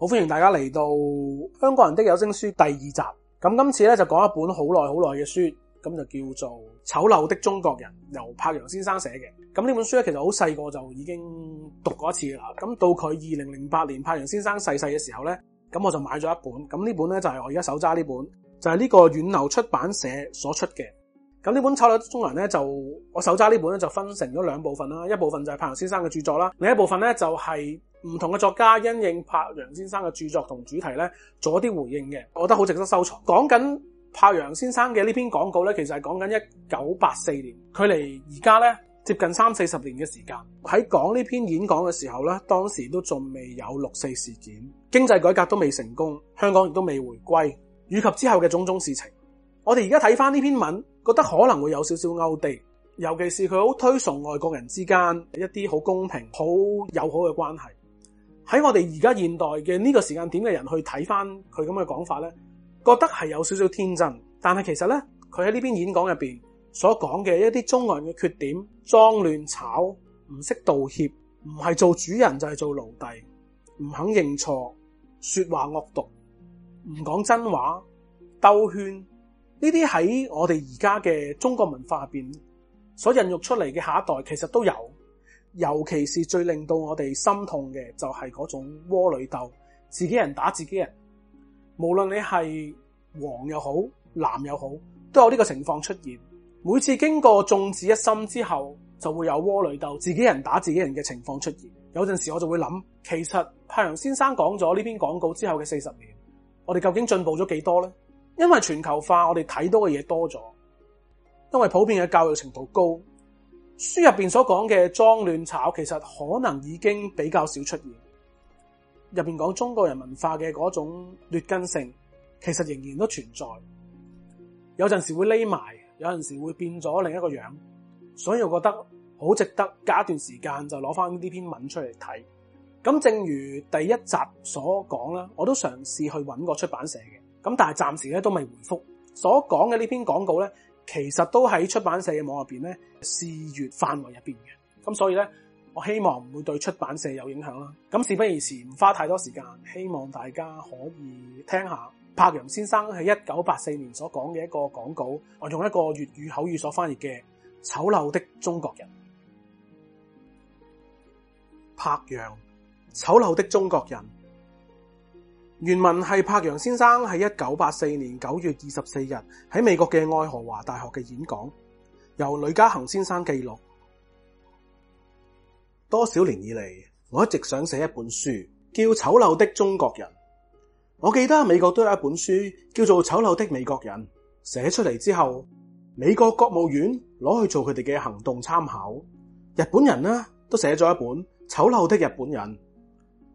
好，歡迎大家嚟到香港人的有聲書第二集。咁今次咧就講一本好耐好耐嘅書，咁就叫做《醜陋的中國人》，由柏楊先生寫嘅。咁呢本書咧其實好細個就已經讀過一次啦。咁到佢二零零八年柏楊先生逝世嘅時候呢，咁我就買咗一本。咁呢本呢，就係、是、我而家手揸呢本，就係、是、呢個遠流出版社所出嘅。咁呢本《醜陋的中國人》呢，就我手揸呢本呢，就分成咗兩部分啦，一部分就係柏楊先生嘅著作啦，另一部分呢，就係、是。唔同嘅作家因應柏楊先生嘅著作同主題呢，做啲回應嘅，我覺得好值得收藏。講緊柏楊先生嘅呢篇廣告呢，其實係講緊一九八四年，距離而家呢，接近三四十年嘅時間。喺講呢篇演講嘅時候呢，當時都仲未有六四事件，經濟改革都未成功，香港亦都未回歸，以及之後嘅種種事情。我哋而家睇返呢篇文，覺得可能會有少少勾地，尤其是佢好推崇外國人之間一啲好公平、好友好嘅關係。喺我哋而家現代嘅呢個時間點嘅人去睇翻佢咁嘅講法呢，覺得係有少少天真，但係其實呢，佢喺呢邊演講入邊所講嘅一啲中國人嘅缺點，髒、亂、吵，唔識道歉，唔係做主人就係做奴隸，唔肯認錯，說話惡毒，唔講真話，兜圈，呢啲喺我哋而家嘅中國文化入邊所孕育出嚟嘅下一代其實都有。尤其是最令到我哋心痛嘅，就係嗰種窩裏鬥，自己人打自己人。無論你係黃又好，藍又好，都有呢個情況出現。每次經過眾志一心之後，就會有窩裏鬥，自己人打自己人嘅情況出現。有陣時我就會諗，其實柏楊先生講咗呢篇廣告之後嘅四十年，我哋究竟進步咗幾多咧？因為全球化，我哋睇到嘅嘢多咗，因為普遍嘅教育程度高。書入邊所講嘅髒亂吵，其實可能已經比較少出現。入邊講中國人文化嘅嗰種劣根性，其實仍然都存在。有陣時會匿埋，有陣時會變咗另一個樣。所以我覺得好值得隔一段時間就攞翻呢篇文出嚟睇。咁正如第一集所講啦，我都嘗試去揾個出版社嘅，咁但係暫時咧都未回覆所講嘅呢篇廣告呢，其實都喺出版社嘅網入邊呢，試閱範圍入邊嘅咁，所以呢，我希望唔會對出版社有影響啦。咁事不宜遲，唔花太多時間，希望大家可以聽下柏楊先生喺一九八四年所講嘅一個講稿，我用一個粵語口語所翻譯嘅《醜陋的中國人》。柏楊，《醜陋的中國人》。原文係柏楊先生喺一九八四年九月二十四日喺美國嘅愛荷華大學嘅演講，由呂嘉行先生記錄。多少年以嚟，我一直想寫一本書，叫《醜陋的中國人》。我記得美國都有一本書叫做《醜陋的美國人》，寫出嚟之後，美國國務院攞去做佢哋嘅行動參考。日本人呢都寫咗一本《醜陋的日本人》，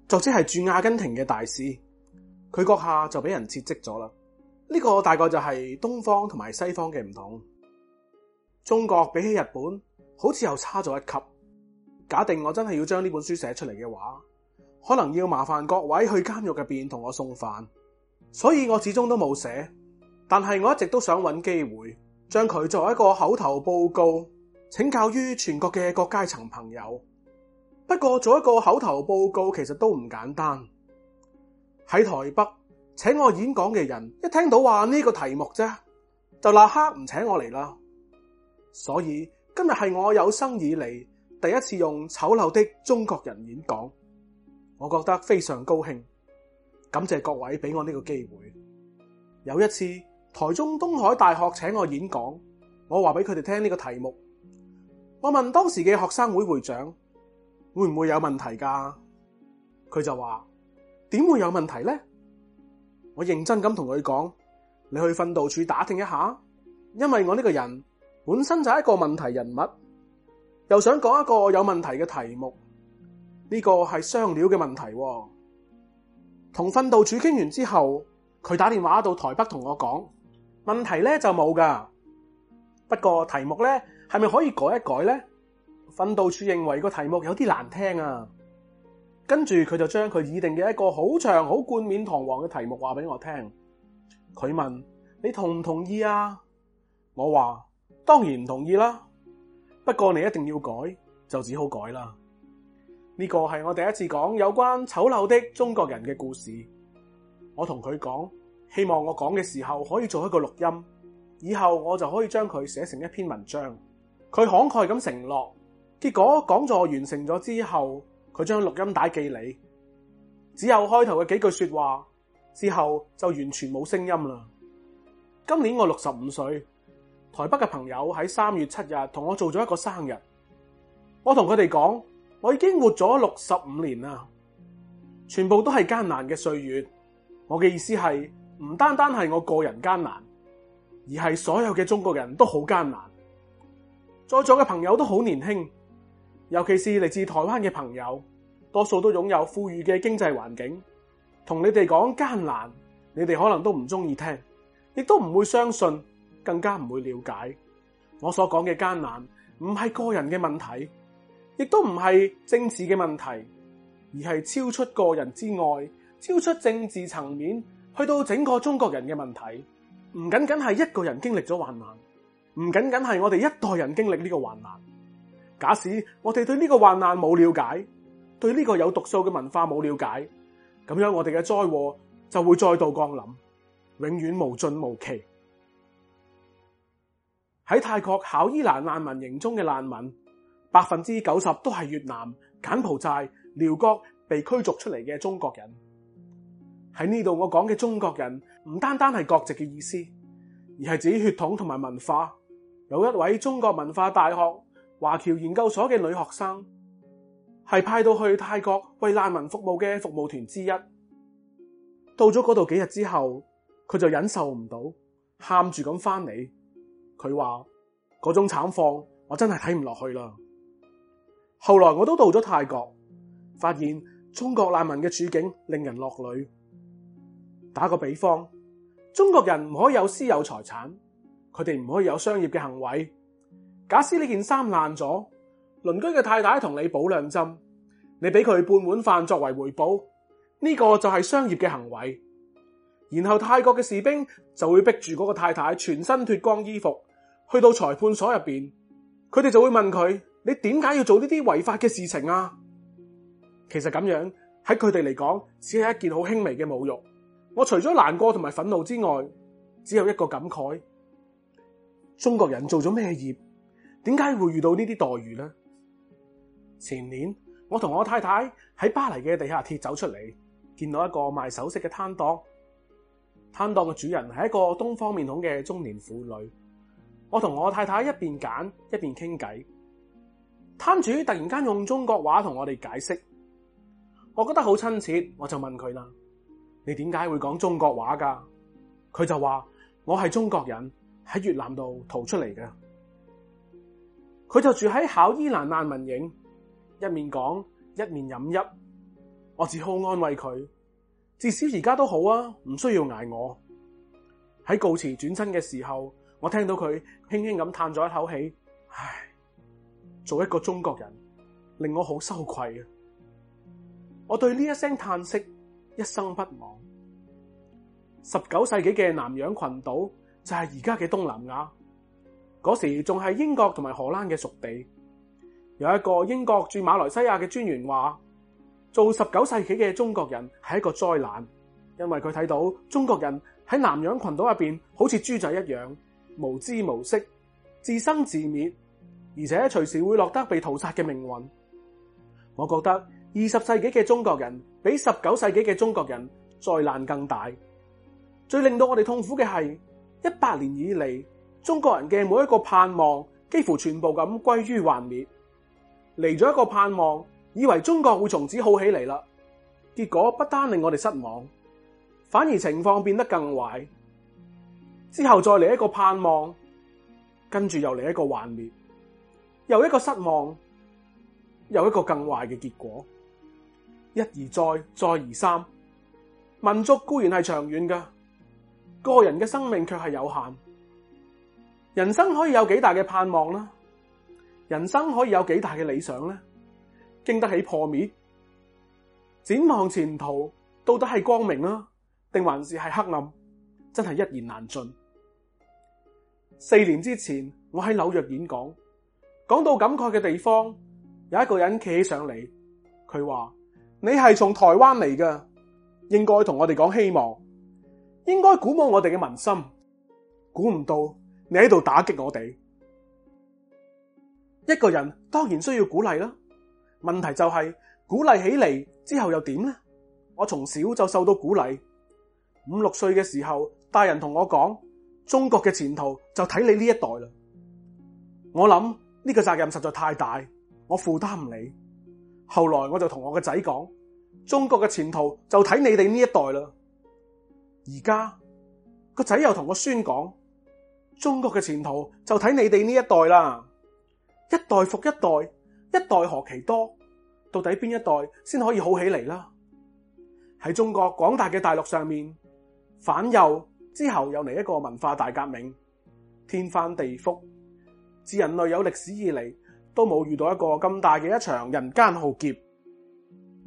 作者係駐阿根廷嘅大使。佢閣下就俾人撤職咗啦，呢個大概就係東方同埋西方嘅唔同。中國比起日本，好似又差咗一級。假定我真係要將呢本書寫出嚟嘅話，可能要麻煩各位去監獄入邊同我送飯。所以我始終都冇寫，但係我一直都想揾機會，將佢作為一個口頭報告，請教於全國嘅各階層朋友。不過做一個口頭報告，其實都唔簡單。喺台北請我演講嘅人，一聽到話呢個題目啫，就立刻唔請我嚟啦。所以今日係我有生以嚟第一次用醜陋的中國人演講，我覺得非常高興，感謝各位俾我呢個機會。有一次台中東海大學請我演講，我話俾佢哋聽呢個題目，我問當時嘅學生會會長會唔會有問題㗎？佢就話。點會有問題呢？我認真咁同佢講，你去訓導處打聽一下，因為我呢個人本身就係一個問題人物，又想講一個有問題嘅題目，呢個係雙料嘅問題、哦。同訓導處傾完之後，佢打電話到台北同我講，問題呢就冇噶，不過題目呢，係咪可以改一改呢？訓導處認為個題目有啲難聽啊。跟住佢就將佢擬定嘅一個好長、好冠冕堂皇嘅題目話俾我聽，佢問你同唔同意啊？我話當然唔同意啦，不過你一定要改，就只好改啦。呢個係我第一次講有關醜陋的中國人嘅故事。我同佢講，希望我講嘅時候可以做一個錄音，以後我就可以將佢寫成一篇文章。佢慷慨咁承諾。結果講座完成咗之後。佢將錄音帶寄你，只有開頭嘅幾句說話，之後就完全冇聲音啦。今年我六十五歲，台北嘅朋友喺三月七日同我做咗一個生日。我同佢哋講，我已經活咗六十五年啦，全部都係艱難嘅歲月。我嘅意思係唔單單係我個人艱難，而係所有嘅中國人都好艱難。在座嘅朋友都好年輕。尤其是嚟自台灣嘅朋友，多數都擁有富裕嘅經濟環境。同你哋講艱難，你哋可能都唔中意聽，亦都唔會相信，更加唔會了解。我所講嘅艱難，唔係個人嘅問題，亦都唔係政治嘅問題，而係超出個人之外，超出政治層面，去到整個中國人嘅問題。唔僅僅係一個人經歷咗患難，唔僅僅係我哋一代人經歷呢個患難。假使我哋對呢個患難冇了解，對呢個有毒素嘅文化冇了解，咁樣我哋嘅災禍就會再度降臨，永遠無盡無期。喺泰國考伊蘭難民營中嘅難民，百分之九十都係越南、柬埔寨、寮國被驅逐出嚟嘅中國人。喺呢度我講嘅中國人，唔單單係國籍嘅意思，而係指血統同埋文化。有一位中國文化大學華僑研究所嘅女學生係派到去泰國為難民服務嘅服務團之一，到咗嗰度幾日之後，佢就忍受唔到，喊住咁翻嚟。佢話嗰種慘況，我真係睇唔落去啦。後來我都到咗泰國，發現中國難民嘅處境令人落淚。打個比方，中國人唔可以有私有財產，佢哋唔可以有商業嘅行為。假使呢件衫爛咗，鄰居嘅太太同你補兩針，你俾佢半碗飯作為回報，呢個就係商業嘅行為。然後泰國嘅士兵就會逼住嗰個太太全身脫光衣服，去到裁判所入邊，佢哋就會問佢：你點解要做呢啲違法嘅事情啊？其實咁樣喺佢哋嚟講，只係一件好輕微嘅侮辱。我除咗難過同埋憤怒之外，只有一個感慨：中國人做咗咩業？點解會遇到呢啲待遇呢？前年我同我太太喺巴黎嘅地下鐵走出嚟，見到一個賣首飾嘅攤檔。攤檔嘅主人係一個東方面孔嘅中年婦女。我同我太太一邊揀一邊傾偈。攤主突然間用中國話同我哋解釋，我覺得好親切，我就問佢啦，你點解會講中國話㗎？佢就話：我係中國人喺越南度逃出嚟嘅。佢就住喺考伊蘭難民營，一面講一面飲泣，我只好安慰佢，至少而家都好啊，唔需要捱我。喺告辭轉身嘅時候，我聽到佢輕輕咁嘆咗一口氣，唉，做一個中國人，令我好羞愧啊！我對呢一聲嘆息一生不忘。十九世紀嘅南洋群島就係而家嘅東南亞。嗰時仲係英國同埋荷蘭嘅屬地，有一個英國駐馬來西亞嘅專員話：做十九世紀嘅中國人係一個災難，因為佢睇到中國人喺南洋群島入邊好似豬仔一樣無知無識，自生自滅，而且隨時會落得被屠殺嘅命運。我覺得二十世紀嘅中國人比十九世紀嘅中國人災難更大，最令到我哋痛苦嘅係一百年以嚟。中國人嘅每一個盼望，幾乎全部咁歸於幻滅。嚟咗一個盼望，以為中國會從此好起嚟啦，結果不單令我哋失望，反而情況變得更壞。之後再嚟一個盼望，跟住又嚟一個幻滅，又一個失望，又一個更壞嘅結果。一而再，再而三。民族固然係長遠噶，個人嘅生命卻係有限。人生可以有幾大嘅盼望啦？人生可以有幾大嘅理想呢？經得起破滅，展望前途到底係光明啦，定還是係黑暗？真係一言難盡。四年之前，我喺紐約演講，講到感慨嘅地方，有一個人企起上嚟，佢話：你係從台灣嚟㗎，應該同我哋講希望，應該鼓舞我哋嘅民心。估唔到。你喺度打擊我哋，一個人當然需要鼓勵啦。問題就係，鼓勵起嚟之後又點呢？我從小就受到鼓勵，五六歲嘅時候，大人同我講：中國嘅前途就睇你呢一代啦。我諗呢個責任實在太大，我負擔唔嚟。後來我就同我個仔講：中國嘅前途就睇你哋呢一代啦。而家個仔又同我孫講。中國嘅前途就睇你哋呢一代啦，一代復一代，一代何其多？到底邊一代先可以好起嚟啦？喺中國廣大嘅大陸上面，反右之後又嚟一個文化大革命，天翻地覆，自人類有歷史以嚟都冇遇到一個咁大嘅一場人間浩劫。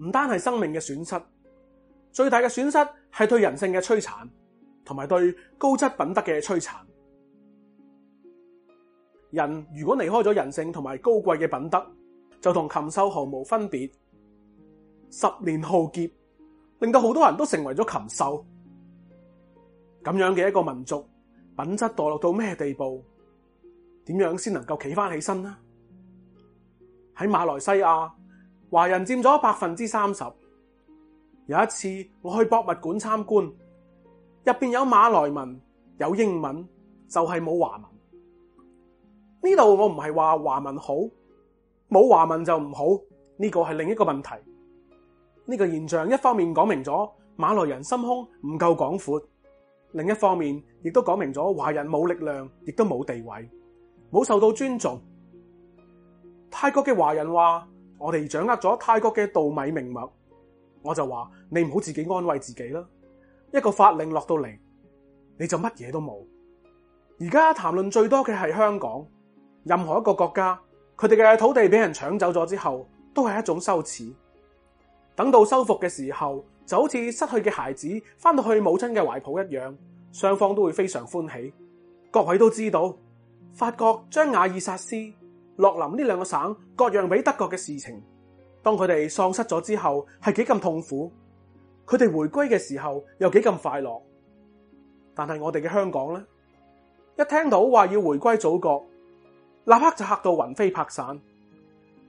唔單係生命嘅損失，最大嘅損失係對人性嘅摧殘，同埋對高質品德嘅摧殘。人如果離開咗人性同埋高貴嘅品德，就同禽獸毫無分別。十年浩劫令到好多人都成為咗禽獸，咁樣嘅一個民族，品質墮落到咩地步？點樣先能夠企返起身呢？喺馬來西亞，華人佔咗百分之三十。有一次我去博物館參觀，入邊有馬來文、有英文，就係冇華文。呢度我唔係話華文好，冇華文就唔好，呢個係另一個問題。呢個現象一方面講明咗馬來人心胸唔夠廣闊，另一方面亦都講明咗華人冇力量，亦都冇地位，冇受到尊重。泰國嘅華人話：我哋掌握咗泰國嘅稻米命脈，我就話你唔好自己安慰自己啦。一個法令落到嚟，你就乜嘢都冇。而家談論最多嘅係香港。任何一個國家，佢哋嘅土地俾人搶走咗之後，都係一種羞恥。等到收復嘅時候，就好似失去嘅孩子返到去母親嘅懷抱一樣，雙方都會非常歡喜。各位都知道，法國將亞爾薩斯、洛林呢兩個省割讓俾德國嘅事情，當佢哋喪失咗之後係幾咁痛苦，佢哋回歸嘅時候又幾咁快樂。但係我哋嘅香港呢，一聽到話要回歸祖國，立刻就嚇到雲飛魄散，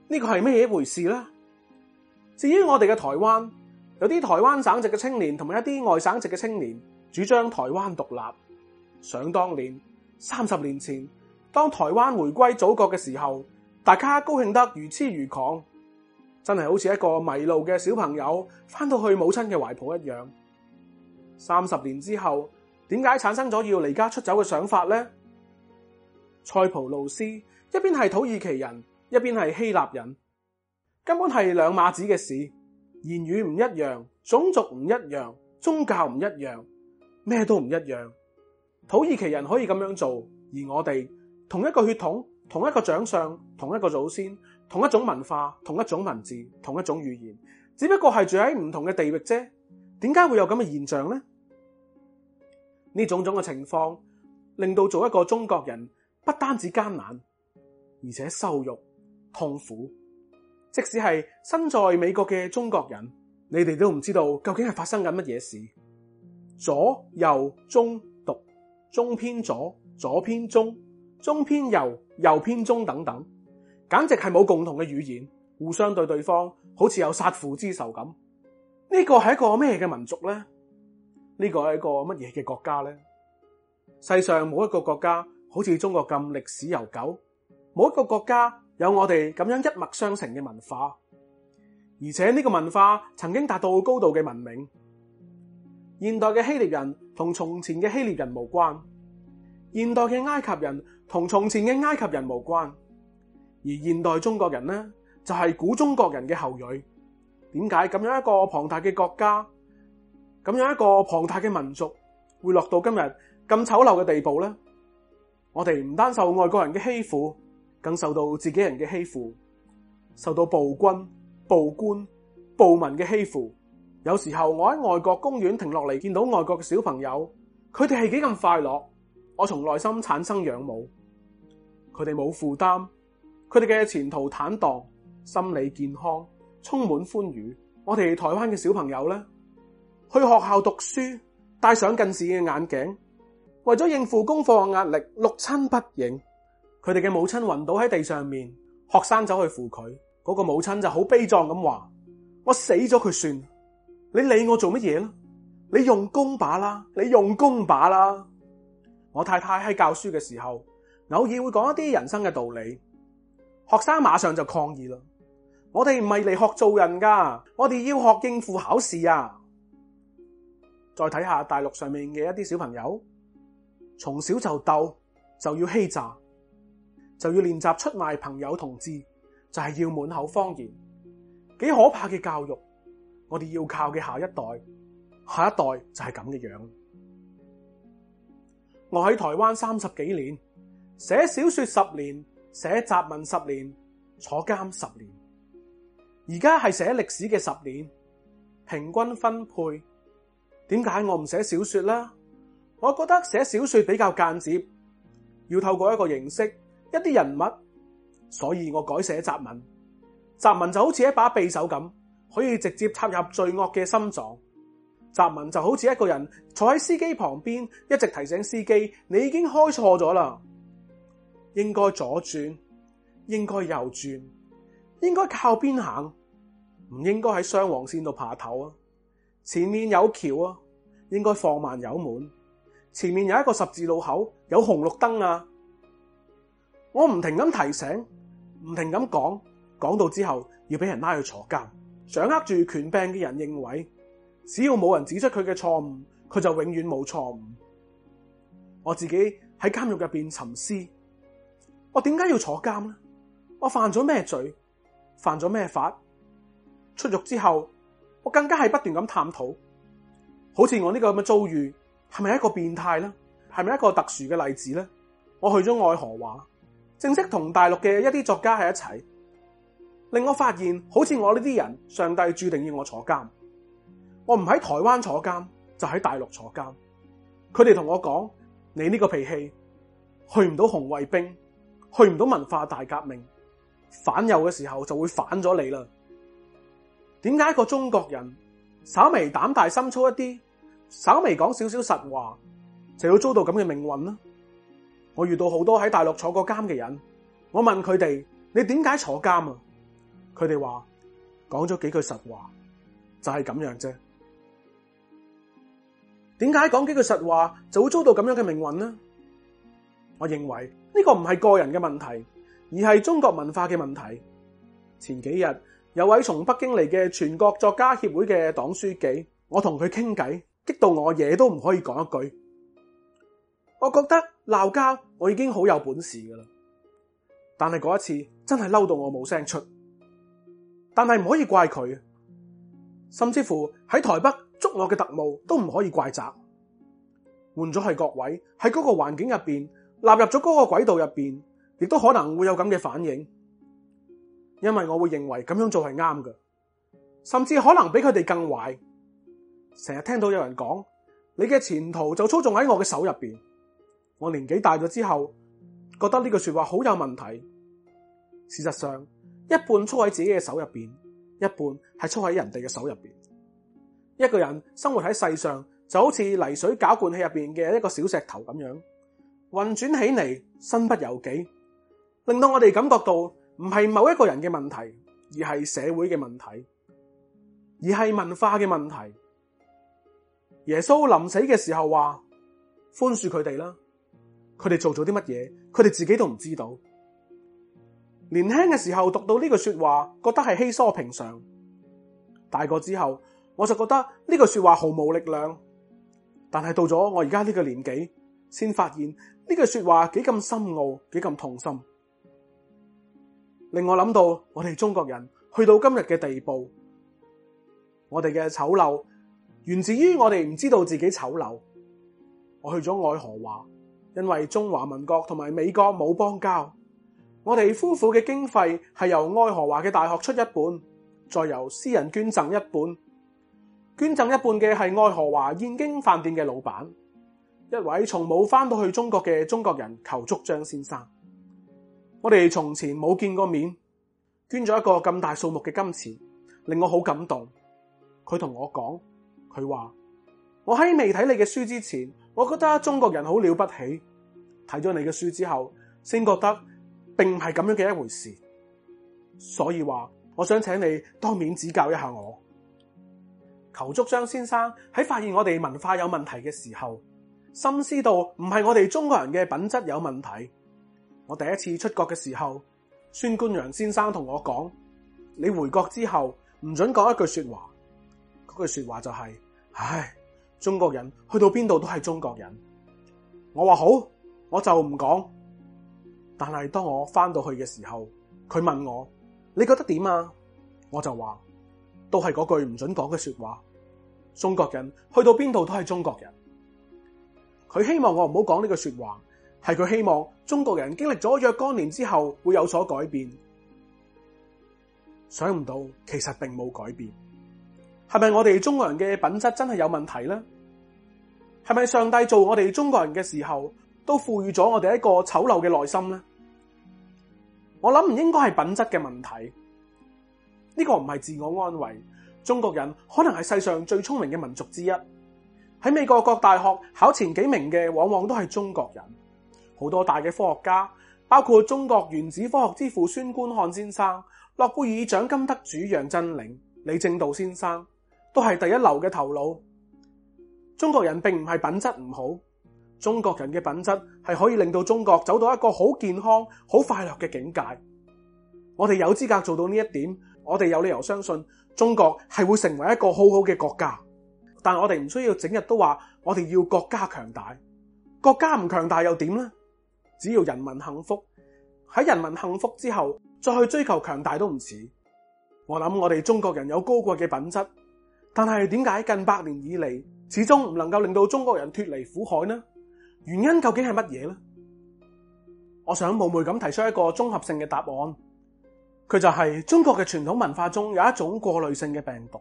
呢個係咩嘢回事呢？至於我哋嘅台灣，有啲台灣省籍嘅青年同埋一啲外省籍嘅青年，主張台灣獨立。想當年三十年前，當台灣回歸祖國嘅時候，大家高興得如痴如狂，真係好似一個迷路嘅小朋友翻到去母親嘅懷抱一樣。三十年之後，點解產生咗要離家出走嘅想法呢？塞浦路斯一邊係土耳其人，一邊係希臘人，根本係兩碼子嘅事，言語唔一樣，種族唔一樣，宗教唔一樣，咩都唔一樣。土耳其人可以咁樣做，而我哋同一個血統，同一個長相，同一個祖先，同一種文化，同一種文字，同一種語言，只不過係住喺唔同嘅地域啫。點解會有咁嘅現象呢？呢種種嘅情況令到做一個中國人，不單止艱難，而且羞辱、痛苦。即使係身在美國嘅中國人，你哋都唔知道究竟係發生緊乜嘢事。左右中獨，中偏左，左偏中，中偏右，右偏中，等等，簡直係冇共同嘅語言，互相對對方好似有殺父之仇咁。呢個係一個咩嘅民族呢？呢個係一個乜嘢嘅國家呢？世上冇一個國家，好似中國咁歷史悠久，冇一個國家有我哋咁樣一脈相承嘅文化，而且呢個文化曾經達到高度嘅文明。現代嘅希臘人同從前嘅希臘人無關，現代嘅埃及人同從前嘅埃及人無關，而現代中國人呢，就係古中國人嘅後裔。點解咁樣一個龐大嘅國家，咁樣一個龐大嘅民族會落到今日咁醜陋嘅地步呢？我哋唔單受外國人嘅欺負，更受到自己人嘅欺負，受到暴君、暴官、暴民嘅欺負。有時候我喺外國公園停落嚟，見到外國嘅小朋友，佢哋係幾咁快樂，我從內心產生仰慕。佢哋冇負擔，佢哋嘅前途坦蕩，心理健康，充滿歡愉。我哋台灣嘅小朋友呢，去學校讀書，戴上近視嘅眼鏡。為咗應付功課嘅壓力，六親不認，佢哋嘅母親暈倒喺地上面，學生走去扶佢，嗰個母親就好悲壯咁話：我死咗佢算，你理我做乜嘢咯？你用功把啦，你用功把啦！我太太喺教書嘅時候，偶爾會講一啲人生嘅道理，學生馬上就抗議啦：我哋唔係嚟學做人噶，我哋要學應付考試啊！再睇下大陸上面嘅一啲小朋友。從小就鬥，就要欺詐，就要練習出賣朋友同志，就係、是、要滿口謊言，幾可怕嘅教育。我哋要靠嘅下一代，下一代就係咁嘅樣。我喺台灣三十幾年，寫小說十年，寫雜文十年，坐監十年，而家係寫歷史嘅十年。平均分配，點解我唔寫小說呢？我覺得寫小說比較間接，要透過一個形式一啲人物，所以我改寫雜文。雜文就好似一把匕首咁，可以直接插入罪惡嘅心臟。雜文就好似一個人坐喺司機旁邊，一直提醒司機：你已經開錯咗啦，應該左轉，應該右轉，應該靠邊行，唔應該喺雙黃線度爬頭啊。前面有橋啊，應該放慢油門。前面有一個十字路口，有紅綠燈啊！我唔停咁提醒，唔停咁講，講到之後要俾人拉去坐監。掌握住權柄嘅人認為，只要冇人指出佢嘅錯誤，佢就永遠冇錯誤。我自己喺監獄入邊沉思，我點解要坐監呢？我犯咗咩罪？犯咗咩法？出獄之後，我更加係不斷咁探討，好似我呢個咁嘅遭遇。係咪一個變態呢？係咪一個特殊嘅例子呢？我去咗愛荷華，正式同大陸嘅一啲作家喺一齊，令我發現好似我呢啲人，上帝注定要我坐監。我唔喺台灣坐監，就喺大陸坐監。佢哋同我講：你呢個脾氣，去唔到紅衛兵，去唔到文化大革命，反右嘅時候就會反咗你啦。點解一個中國人稍微膽大心粗一啲，稍微講少少實話，就要遭到咁嘅命運啦。我遇到好多喺大陸坐過監嘅人，我問佢哋：你點解坐監啊？佢哋話講咗幾句實話，就係咁樣啫。點解講幾句實話就會遭到咁樣嘅命運呢？我認為呢個唔係個人嘅問題，而係中國文化嘅問題。前幾日有位從北京嚟嘅全國作家協會嘅黨書記，我同佢傾偈。激到我嘢都唔可以講一句，我覺得鬧交我已經好有本事㗎喇，但係嗰一次真係嬲到我冇聲出，但係唔可以怪佢，甚至乎喺台北捉我嘅特務都唔可以怪責，換咗係各位喺嗰個環境入邊，納入咗嗰個軌道入邊，亦都可能會有咁嘅反應，因為我會認為咁樣做係啱嘅，甚至可能比佢哋更壞。成日聽到有人講，你嘅前途就操縱喺我嘅手入邊。我年紀大咗之後，覺得呢句說話好有問題。事實上，一半操喺自己嘅手入邊，一半係操喺人哋嘅手入邊。一個人生活喺世上，就好似泥水攪罐器入邊嘅一個小石頭咁樣，運轉起嚟身不由己，令到我哋感覺到唔係某一個人嘅問題，而係社會嘅問題，而係文化嘅問題。耶穌臨死嘅時候話，寬恕佢哋啦，佢哋做咗啲乜嘢？佢哋自己都唔知道。年輕嘅時候讀到呢句說話，覺得係稀疏平常。大個之後，我就覺得呢句說話毫無力量。但係到咗我而家呢個年紀，先發現呢句說話幾咁深奧，幾咁痛心。令我諗到，我哋中國人去到今日嘅地步，我哋嘅醜陋。源自於我哋唔知道自己醜陋。我去咗愛荷華，因為中華民國同埋美國冇邦交。我哋夫婦嘅經費係由愛荷華嘅大學出一半，再由私人捐贈一,一,一半。捐贈一半嘅係愛荷華燕京飯店嘅老闆，一位從冇返到去中國嘅中國人，求竹張先生。我哋從前冇見過面，捐咗一個咁大數目嘅金錢，令我好感動。佢同我講。佢話：我喺未睇你嘅書之前，我覺得中國人好了不起。睇咗你嘅書之後，先覺得並唔係咁樣嘅一回事。所以話，我想請你當面指教一下我。求祝章先生喺發現我哋文化有問題嘅時候，深思道：「唔係我哋中國人嘅品質有問題。」我第一次出國嘅時候，孫觀陽先生同我講：你回國之後唔准講一句說話。嗰句說話就係、是。唉，中國人去到邊度都係中國人。我話好，我就唔講。但係當我翻到去嘅時候，佢問我你覺得點啊？我就話都係嗰句唔准講嘅說話。中國人去到邊度都係中國人。佢希望我唔好講呢個說話，係佢希望中國人經歷咗若干年之後會有所改變。想唔到，其實並冇改變。係咪我哋中國人嘅品質真係有問題呢？係咪上帝做我哋中國人嘅時候都賦予咗我哋一個醜陋嘅內心呢？我諗唔應該係品質嘅問題，呢、這個唔係自我安慰。中國人可能係世上最聰明嘅民族之一，喺美國各大學考前幾名嘅往往都係中國人。好多大嘅科學家，包括中國原子科學之父孫觀漢先生、諾貝爾獎金得主楊振寧、李政道先生。都係第一流嘅頭腦。中國人並唔係品質唔好，中國人嘅品質係可以令到中國走到一個好健康、好快樂嘅境界。我哋有資格做到呢一點，我哋有理由相信中國係會成為一個好好嘅國家。但我哋唔需要整日都話我哋要國家強大，國家唔強大又點呢？只要人民幸福，喺人民幸福之後再去追求強大都唔遲。我諗我哋中國人有高貴嘅品質。但係點解近百年以嚟，始終唔能夠令到中國人脫離苦海呢？原因究竟係乜嘢呢？我想冒昧咁提出一個綜合性嘅答案，佢就係中國嘅傳統文化中有一種過濾性嘅病毒，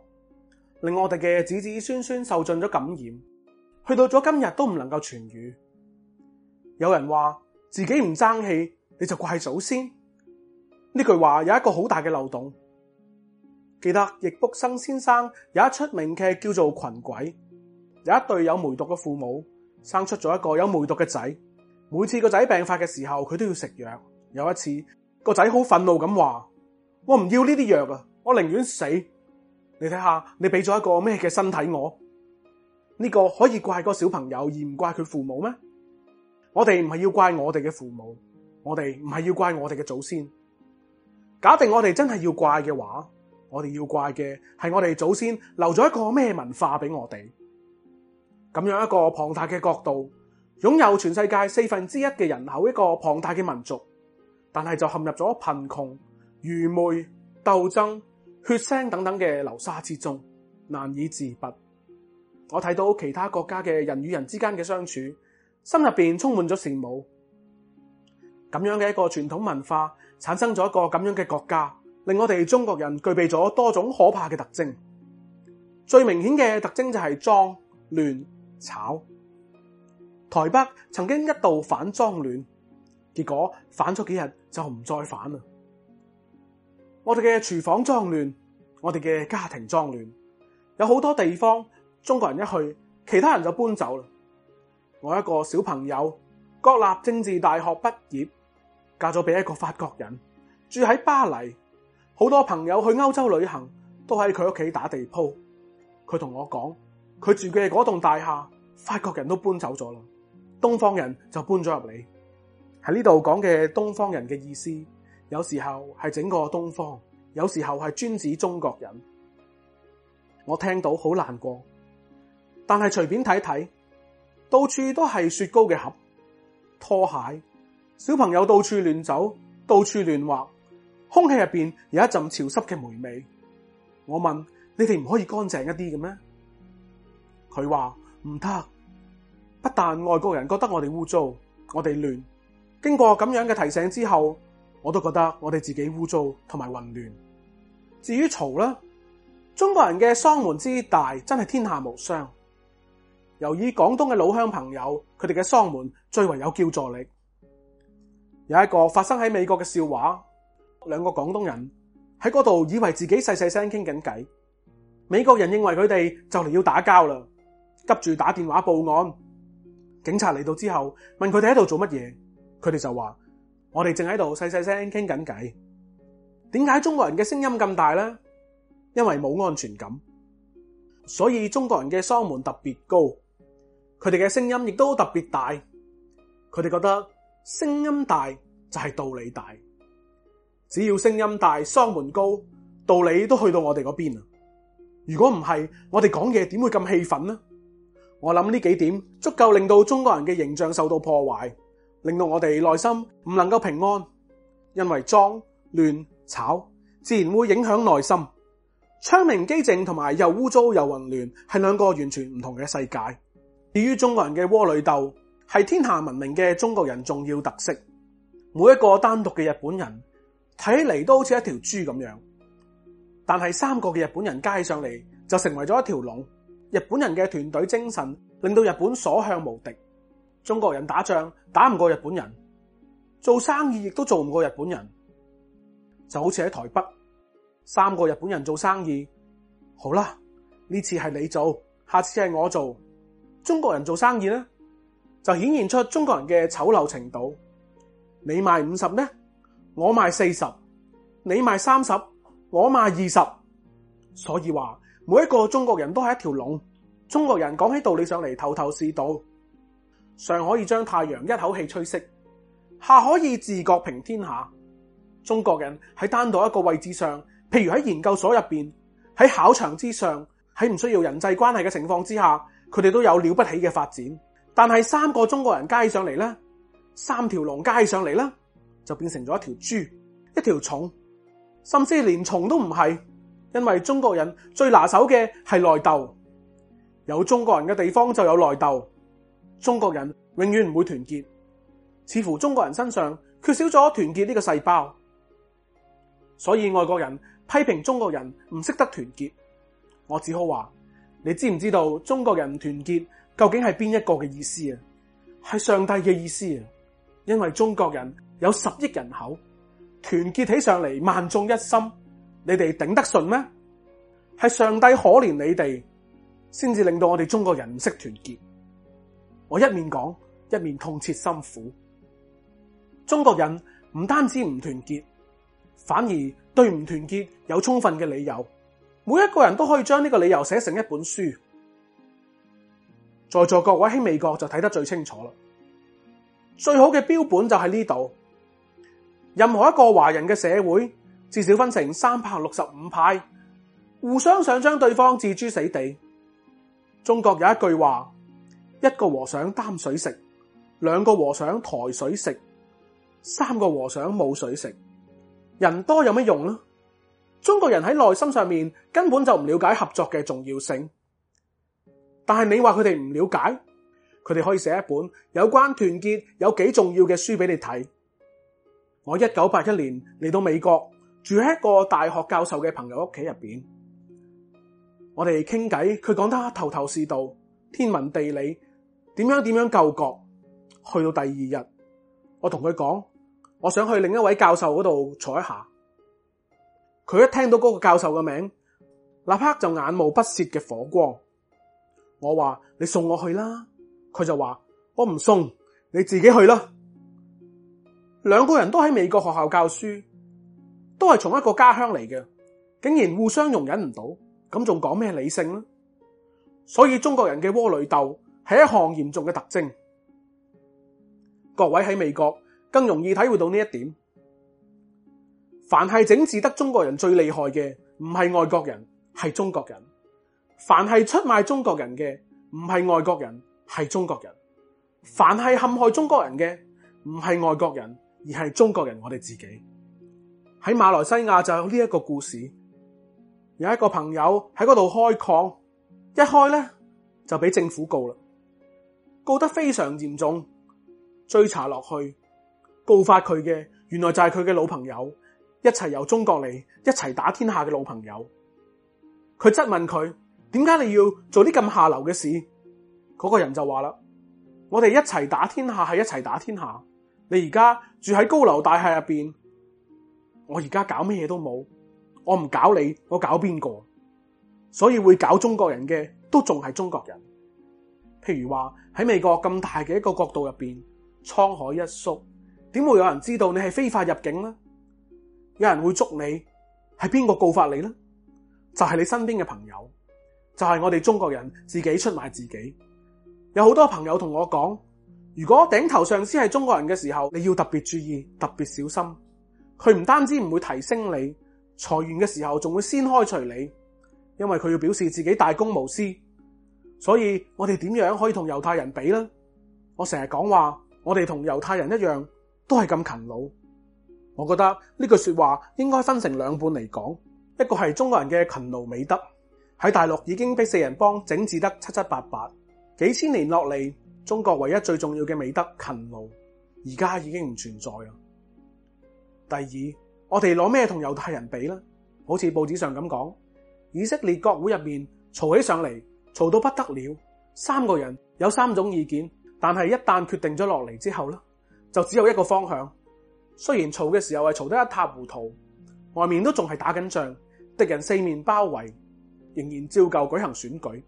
令我哋嘅子子孫孫受盡咗感染，去到咗今日都唔能夠痊癒。有人話自己唔爭氣，你就怪祖先。呢句話有一個好大嘅漏洞。記得易卜生先生有一出名嘅叫做《群鬼》，有一對有梅毒嘅父母生出咗一個有梅毒嘅仔。每次個仔病發嘅時候，佢都要食藥。有一次，個仔好憤怒咁話：我唔要呢啲藥啊！我寧願死。你睇下，你俾咗一個咩嘅身體我？呢個可以怪個小朋友而唔怪佢父母咩？我哋唔係要怪我哋嘅父母，我哋唔係要怪我哋嘅祖先。假定我哋真係要怪嘅話，我哋要怪嘅係我哋祖先留咗一個咩文化俾我哋？咁樣一個龐大嘅國度，擁有全世界四分之一嘅人口，一個龐大嘅民族，但係就陷入咗貧窮、愚昧、鬥爭、血腥等等嘅流沙之中，難以自拔。我睇到其他國家嘅人與人之間嘅相處，心入邊充滿咗羨慕，咁樣嘅一個傳統文化，產生咗一個咁樣嘅國家。令我哋中國人具備咗多種可怕嘅特徵，最明顯嘅特徵就係髒亂吵。台北曾經一度反髒亂，結果反咗幾日就唔再反啦。我哋嘅廚房髒亂，我哋嘅家庭髒亂，有好多地方中國人一去，其他人就搬走啦。我一個小朋友，國立政治大學畢業，嫁咗俾一個法國人，住喺巴黎。好多朋友去歐洲旅行，都喺佢屋企打地鋪。佢同我講，佢住嘅嗰棟大廈，法國人都搬走咗啦，東方人就搬咗入嚟。喺呢度講嘅東方人嘅意思，有時候係整個東方，有時候係專指中國人。我聽到好難過，但係隨便睇睇，到處都係雪糕嘅盒、拖鞋，小朋友到處亂走，到處亂畫。空氣入邊有一陣潮濕嘅霉味，我問你哋唔可以乾淨一啲嘅咩？佢話唔得，不但外國人覺得我哋污糟，我哋亂。經過咁樣嘅提醒之後，我都覺得我哋自己污糟同埋混亂。至於嘈啦，中國人嘅嗓門之大真係天下無雙。由於廣東嘅老鄉朋友，佢哋嘅嗓門最為有叫助力。有一個發生喺美國嘅笑話。兩個廣東人喺嗰度，以為自己細細聲傾緊偈。美國人認為佢哋就嚟要打交啦，急住打電話報案。警察嚟到之後問，問佢哋喺度做乜嘢，佢哋就話：我哋正喺度細細聲傾緊偈。點解中國人嘅聲音咁大呢？因為冇安全感，所以中國人嘅嗓門特別高，佢哋嘅聲音亦都特別大。佢哋覺得聲音大就係道理大。只要聲音大，嗓門高，道理都去到我哋嗰邊啊！如果唔係，我哋講嘢點會咁氣憤呢？我諗呢幾點足夠令到中國人嘅形象受到破壞，令到我哋內心唔能夠平安，因為髒、亂、吵，自然會影響內心。窗明幾淨同埋又污糟又混亂係兩個完全唔同嘅世界。至於中國人嘅窩裏鬥，係天下聞名嘅中國人重要特色。每一個單獨嘅日本人。睇起嚟都好似一條豬咁樣，但係三個嘅日本人加起上嚟就成為咗一條龍。日本人嘅團隊精神令到日本所向無敵，中國人打仗打唔過日本人，做生意亦都做唔過日本人。就好似喺台北，三個日本人做生意，好啦，呢次係你做，下次係我做。中國人做生意咧，就顯現出中國人嘅醜陋程度。你賣五十呢？我賣四十，你賣三十，我賣二十，所以話每一個中國人都係一條龍。中國人講起道理上嚟，頭頭是道，上可以將太陽一口氣吹熄，下可以治國平天下。中國人喺單獨一個位置上，譬如喺研究所入邊，喺考場之上，喺唔需要人際關係嘅情況之下，佢哋都有了不起嘅發展。但係三個中國人加上嚟呢，三條龍加上嚟啦。就變成咗一條豬，一條蟲，甚至連蟲都唔係，因為中國人最拿手嘅係內鬥，有中國人嘅地方就有內鬥，中國人永遠唔會團結，似乎中國人身上缺少咗團結呢個細胞，所以外國人批評中國人唔識得團結，我只好話：你知唔知道中國人團結究竟係邊一個嘅意思啊？係上帝嘅意思啊！因為中國人有十億人口，團結起上嚟萬眾一心，你哋頂得順咩？係上帝可憐你哋，先至令到我哋中國人唔識團結。我一面講，一面痛切心苦。中國人唔單止唔團結，反而對唔團結有充分嘅理由。每一個人都可以將呢個理由寫成一本書。在座各位喺美國就睇得最清楚啦。最好嘅標本就係呢度，任何一個華人嘅社會至少分成三百六十五派，互相想將對方置諸死地。中國有一句話：一個和尚擔水食，兩個和尚抬水食，三個和尚冇水食。人多有乜用呢？中國人喺內心上面根本就唔了解合作嘅重要性，但係你話佢哋唔了解？佢哋可以寫一本有關團結有幾重要嘅書俾你睇。我一九八一年嚟到美國，住喺一個大學教授嘅朋友屋企入邊，我哋傾偈，佢講得頭頭是道，天文地理，點樣點樣救國。去到第二日，我同佢講，我想去另一位教授嗰度坐一下。佢一聽到嗰個教授嘅名，立刻就眼冒不屑嘅火光。我話：你送我去啦。佢就話：我唔送，你自己去啦。兩個人都喺美國學校教書，都係從一個家鄉嚟嘅，竟然互相容忍唔到，咁仲講咩理性呢？所以中國人嘅窩裏鬥係一項嚴重嘅特徵。各位喺美國更容易體會到呢一點。凡係整治得中國人最厲害嘅，唔係外國人，係中國人；凡係出賣中國人嘅，唔係外國人。係中國人，凡係陷害中國人嘅，唔係外國人，而係中國人，我哋自己喺馬來西亞就有呢一個故事。有一個朋友喺嗰度開礦，一開咧就俾政府告啦，告得非常嚴重。追查落去，告發佢嘅原來就係佢嘅老朋友，一齊由中國嚟，一齊打天下嘅老朋友。佢質問佢：「點解你要做啲咁下流嘅事？嗰個人就話啦：我哋一齊打天下係一齊打天下。你而家住喺高樓大廈入邊，我而家搞乜嘢都冇，我唔搞你，我搞邊個？所以會搞中國人嘅，都仲係中國人。譬如話喺美國咁大嘅一個角度入邊，滄海一粟，點會有人知道你係非法入境呢？有人會捉你，係邊個告發你呢？就係你身邊嘅朋友，就係我哋中國人自己出賣自己。有好多朋友同我講，如果頂頭上司係中國人嘅時候，你要特別注意，特別小心。佢唔單止唔會提升你，裁員嘅時候仲會先開除你，因為佢要表示自己大公無私。所以我哋點樣可以同猶太人比呢？我成日講話，我哋同猶太人一樣，都係咁勤勞。我覺得呢句說話應該分成兩半嚟講，一個係中國人嘅勤勞美德，喺大陸已經俾四人幫整治得七七八八。幾千年落嚟，中國唯一最重要嘅美德勤勞，而家已經唔存在啦。第二，我哋攞咩同猶太人比呢？好似報紙上咁講，以色列國會入面嘈起上嚟，嘈到不得了。三個人有三種意見，但係一旦決定咗落嚟之後呢，就只有一個方向。雖然嘈嘅時候係嘈得一塌糊塗，外面都仲係打緊仗，敵人四面包圍，仍然照舊舉行選舉。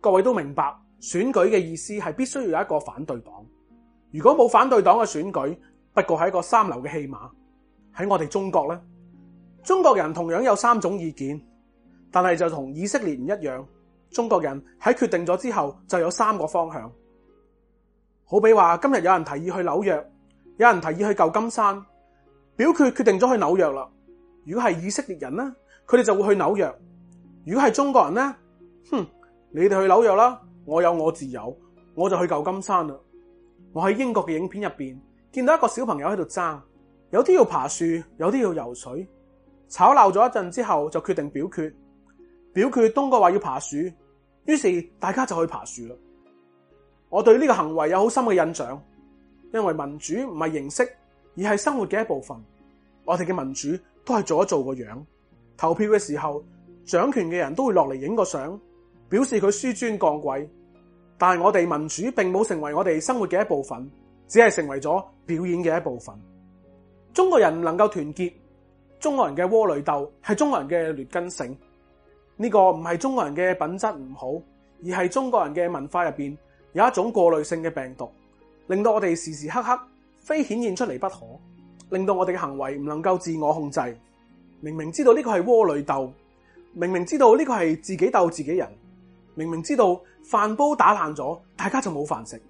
各位都明白。選舉嘅意思係必須要有一個反對黨。如果冇反對黨嘅選舉，不過係一個三流嘅戲碼。喺我哋中國呢，中國人同樣有三種意見，但係就同以色列唔一樣。中國人喺決定咗之後就有三個方向。好比話今日有人提議去紐約，有人提議去舊金山，表決決定咗去紐約啦。如果係以色列人呢，佢哋就會去紐約；如果係中國人呢，哼，你哋去紐約啦。我有我自由，我就去舊金山啦。我喺英國嘅影片入邊見到一個小朋友喺度爭，有啲要爬樹，有啲要游水，吵鬧咗一陣之後就決定表決。表決東哥話要爬樹，於是大家就去爬樹啦。我對呢個行為有好深嘅印象，因為民主唔係形式，而係生活嘅一部分。我哋嘅民主都係做一做個樣，投票嘅時候掌權嘅人都會落嚟影個相，表示佢紆尊降貴。但係我哋民主並冇成為我哋生活嘅一部分，只係成為咗表演嘅一部分。中國人唔能夠團結，中國人嘅窩裏鬥係中國人嘅劣根性。呢個唔係中國人嘅品質唔好，而係中國人嘅文化入邊有一種過濾性嘅病毒，令到我哋時時刻刻非顯現出嚟不可，令到我哋嘅行為唔能夠自我控制。明明知道呢個係窩裏鬥，明明知道呢個係自己鬥自己人。明明知道飯煲打爛咗，大家就冇飯食，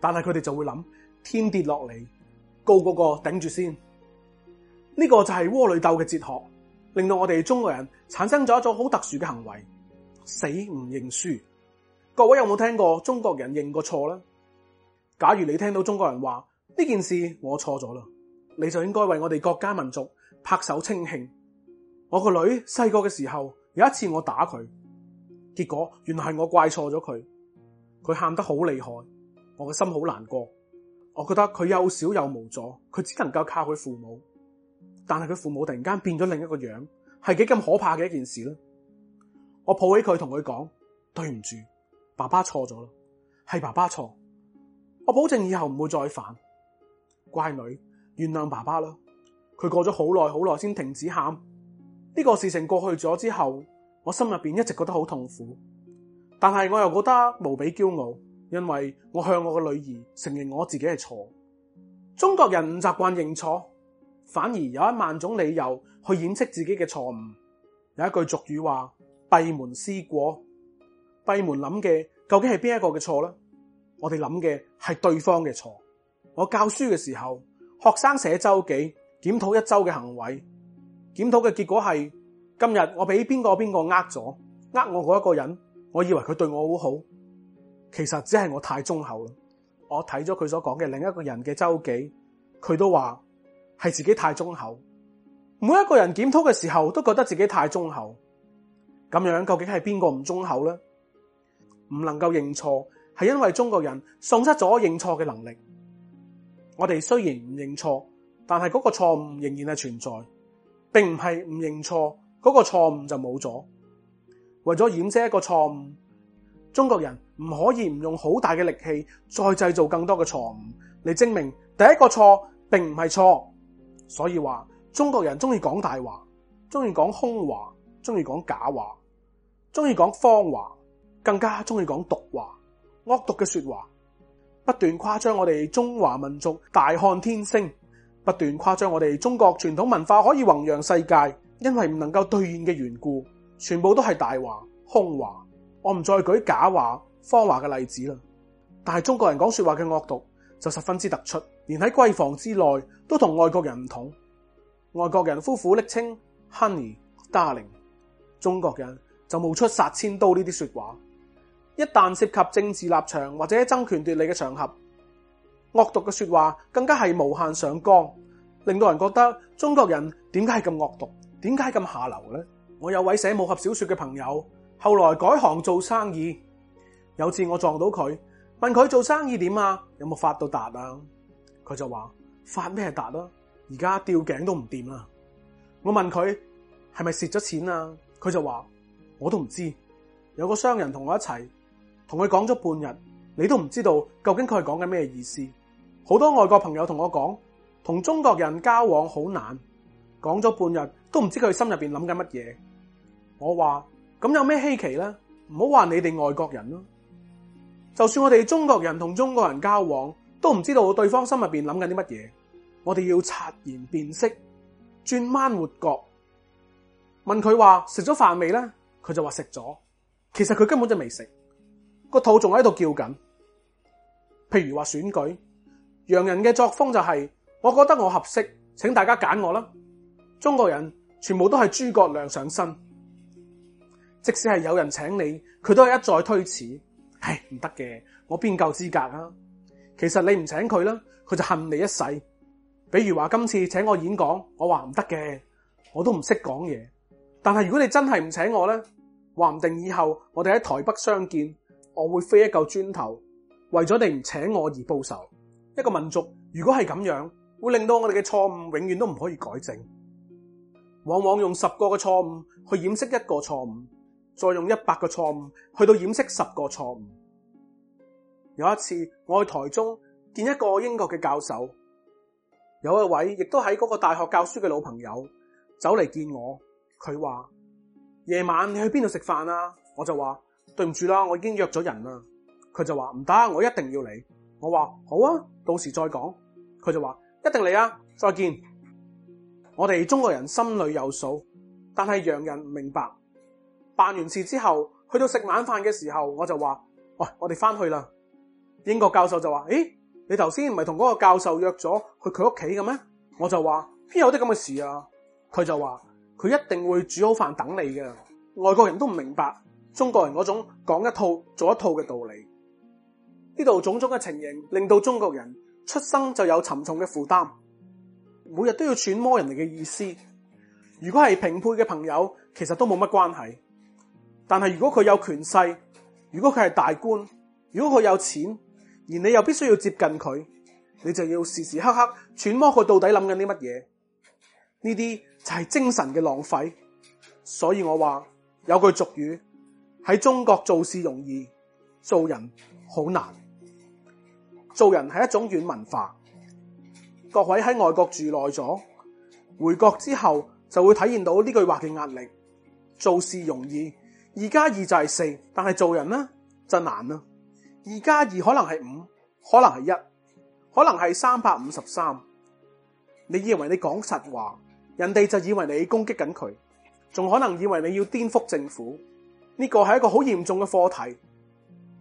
但係佢哋就會諗天跌落嚟，高嗰個頂住先。呢個就係窩裏鬥嘅哲學，令到我哋中國人產生咗一種好特殊嘅行為，死唔認輸。各位有冇聽過中國人認過錯咧？假如你聽到中國人話呢件事我錯咗啦，你就應該為我哋國家民族拍手稱慶。我個女細個嘅時候，有一次我打佢。結果原來係我怪錯咗佢，佢喊得好厲害，我嘅心好難過。我覺得佢幼小又無助，佢只能夠靠佢父母，但係佢父母突然間變咗另一個樣，係幾咁可怕嘅一件事咧。我抱起佢同佢講：對唔住，爸爸錯咗啦，係爸爸錯，我保證以後唔會再犯。乖女，原諒爸爸啦。佢過咗好耐好耐先停止喊。呢個事情過去咗之後。我心入邊一直覺得好痛苦，但係我又覺得無比驕傲，因為我向我個女兒承認我自己係錯。中國人唔習慣認錯，反而有一萬種理由去掩飾自己嘅錯誤。有一句俗語話：閉門思過，閉門諗嘅究竟係邊一個嘅錯呢？我哋諗嘅係對方嘅錯。我教書嘅時候，學生寫周記，檢討一周嘅行為，檢討嘅結果係。今日我俾邊個邊個呃咗？呃我嗰一個人，我以為佢對我好好，其實只係我太忠厚啦。我睇咗佢所講嘅另一個人嘅周記，佢都話係自己太忠厚。每一個人檢討嘅時候，都覺得自己太忠厚。咁樣究竟係邊個唔忠厚呢？唔能夠認錯，係因為中國人喪失咗認錯嘅能力。我哋雖然唔認錯，但係嗰個錯誤仍然係存在，並唔係唔認錯，嗰個錯誤就冇咗，為咗掩飾一個錯誤，中國人唔可以唔用好大嘅力氣，再製造更多嘅錯誤嚟證明第一個錯並唔係錯。所以話，中國人中意講大話，中意講空話，中意講假話，中意講謊話，更加中意講毒話，惡毒嘅說話，不斷誇張我哋中華民族大漢天星，不斷誇張我哋中國傳統文化可以弘揚世界。因為唔能夠兌現嘅緣故，全部都係大話空話。我唔再舉假話、謊話嘅例子啦。但係中國人講說話嘅惡毒就十分之突出，連喺閨房之內都同外國人唔同。外國人夫婦昵稱 Honey Darling，中國人就冒出殺千刀呢啲說話。一旦涉及政治立場或者爭權奪利嘅場合，惡毒嘅說話更加係無限上綱，令到人覺得中國人點解係咁惡毒。點解咁下流呢？我有位寫武俠小說嘅朋友，後來改行做生意。有次我撞到佢，問佢做生意點啊？有冇發到達啊？佢就話，發咩達啊？而家吊頸都唔掂啊。我問佢係咪蝕咗錢啊？佢就話，我都唔知。有個商人同我一齊，同佢講咗半日，你都唔知道究竟佢係講緊咩意思。好多外國朋友同我講，同中國人交往好難，講咗半日。都唔知佢心入邊諗緊乜嘢，我話咁有咩稀奇咧？唔好話你哋外國人咯，就算我哋中國人同中國人交往，都唔知道對方心入邊諗緊啲乜嘢。我哋要察言辨色，轉彎活角，問佢話食咗飯未咧？佢就話食咗，其實佢根本就未食，個肚仲喺度叫緊。譬如話選舉，洋人嘅作風就係，我覺得我合適，請大家揀我啦，中國人。全部都係諸葛亮上身，即使係有人請你，佢都係一再推辭。唉，唔得嘅，我邊夠資格啊？其實你唔請佢啦，佢就恨你一世。比如話今次請我演講，我話唔得嘅，我都唔識講嘢。但係如果你真係唔請我呢，話唔定以後我哋喺台北相見，我會飛一嚿磚頭，為咗你唔請我而報仇。一個民族如果係咁樣，會令到我哋嘅錯誤永遠都唔可以改正。往往用十個嘅錯誤去掩飾一個錯誤，再用一百個錯誤去到掩飾十個錯誤。有一次我去台中見一個英國嘅教授，有一位亦都喺嗰個大學教書嘅老朋友走嚟見我，佢話夜晚你去邊度食飯啊？我就話對唔住啦，我已經約咗人啦。佢就話唔得，我一定要嚟。我話好啊，到時再講。佢就話一定嚟啊，再見。我哋中國人心裏有數，但係洋人唔明白。辦完事之後，去到食晚飯嘅時候，我就話，喂、哦，我哋翻去啦。英國教授就話，誒，你頭先唔係同嗰個教授約咗去佢屋企嘅咩？我就話，邊有啲咁嘅事啊？佢就話，佢一定會煮好飯等你嘅。外國人都唔明白中國人嗰種講一套做一套嘅道理。呢度種種嘅情形，令到中國人出生就有沉重嘅負擔。每日都要揣摩人哋嘅意思，如果係平輩嘅朋友，其實都冇乜關係。但係如果佢有權勢，如果佢係大官，如果佢有錢，而你又必須要接近佢，你就要時時刻刻揣摩佢到底諗緊啲乜嘢。呢啲就係精神嘅浪費。所以我話有句俗語，喺中國做事容易，做人好難。做人係一種軟文化。各位喺外國住耐咗，回國之後就會體驗到呢句話嘅壓力。做事容易，二加二就係四，但係做人呢，就難啦。二加二可能係五，可能係一，可能係三百五十三。你以為你講實話，人哋就以為你攻擊緊佢，仲可能以為你要顛覆政府。呢個係一個好嚴重嘅課題，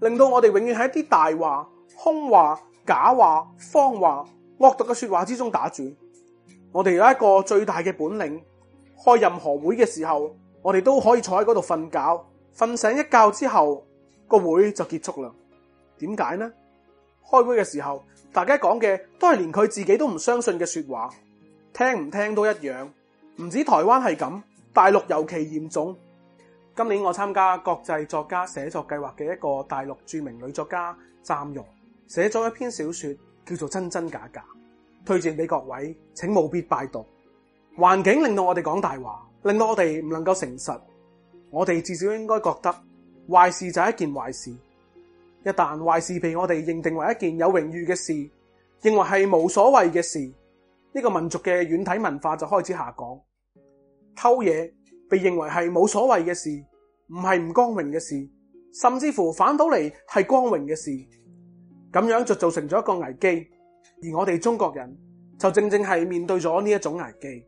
令到我哋永遠係一啲大話、空話、假話、謊話。惡毒嘅說話之中打住，我哋有一個最大嘅本領，開任何會嘅時候，我哋都可以坐喺嗰度瞓覺，瞓醒一覺之後，個會就結束啦。點解呢？開會嘅時候，大家講嘅都係連佢自己都唔相信嘅說話，聽唔聽都一樣。唔止台灣係咁，大陸尤其嚴重。今年我參加國際作家寫作計劃嘅一個大陸著名女作家諶容，寫咗一篇小說。叫做真真假假，推薦俾各位，請務必拜讀。環境令到我哋講大話，令到我哋唔能夠誠實。我哋至少應該覺得壞事就係一件壞事。一旦壞事被我哋認定為一件有榮譽嘅事，認為係冇所謂嘅事，呢個民族嘅軟體文化就開始下降。偷嘢被認為係冇所謂嘅事，唔係唔光榮嘅事，甚至乎反倒嚟係光榮嘅事。咁樣就造成咗一個危機，而我哋中國人就正正係面對咗呢一種危機，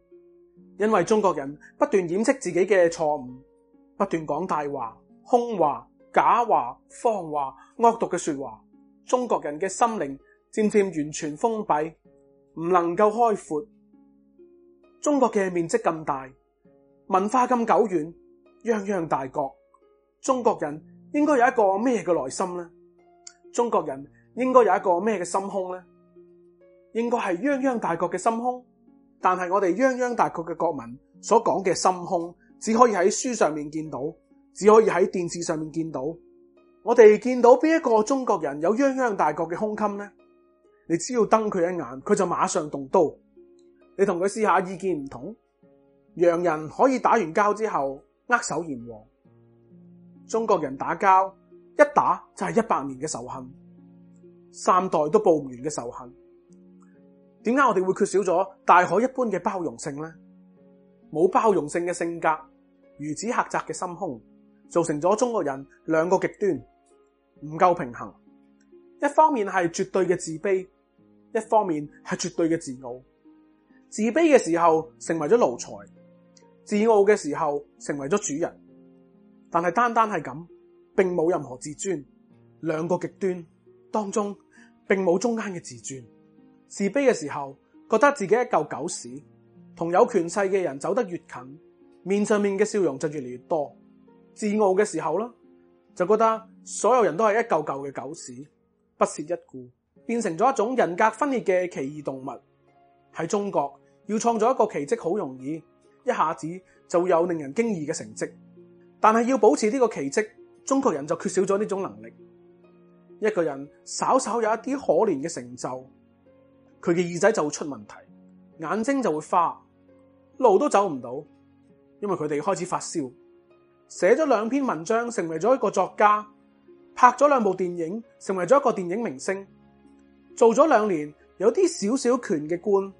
因為中國人不斷掩飾自己嘅錯誤，不斷講大話、空話、假話、謊話、惡毒嘅說話，中國人嘅心靈漸漸完全封閉，唔能夠開闊。中國嘅面積咁大，文化咁久遠，泱泱大國，中國人應該有一個咩嘅內心呢？中國人。應該有一個咩嘅心胸呢？應該係泱泱大國嘅心胸，但係我哋泱泱大國嘅國民所講嘅心胸，只可以喺書上面見到，只可以喺電視上面見到。我哋見到邊一個中國人有泱泱大國嘅胸襟呢？你只要瞪佢一眼，佢就馬上動刀。你同佢試下意見唔同，洋人可以打完交之後握手言和，中國人打交一打就係一百年嘅仇恨。三代都報唔完嘅仇恨，點解我哋會缺少咗大海一般嘅包容性呢？冇包容性嘅性格，如此狹窄嘅心胸，造成咗中國人兩個極端，唔夠平衡。一方面係絕對嘅自卑，一方面係絕對嘅自傲。自卑嘅時候成為咗奴才，自傲嘅時候成為咗主人。但係單單係咁，並冇任何自尊。兩個極端當中。.並冇中間嘅自尊，自卑嘅時候覺得自己一嚿狗屎，同有權勢嘅人走得越近，面上面嘅笑容就越嚟越多。自傲嘅時候啦，就覺得所有人都係一嚿嚿嘅狗屎，不屑一顧，變成咗一種人格分裂嘅奇異動物。喺中國要創造一個奇蹟好容易，一下子就有令人驚異嘅成績。但係要保持呢個奇蹟，中國人就缺少咗呢種能力。一個人稍稍有一啲可憐嘅成就，佢嘅耳仔就會出問題，眼睛就會花，路都走唔到，因為佢哋開始發燒。寫咗兩篇文章，成為咗一個作家；拍咗兩部電影，成為咗一個電影明星；做咗兩年有啲少少權嘅官，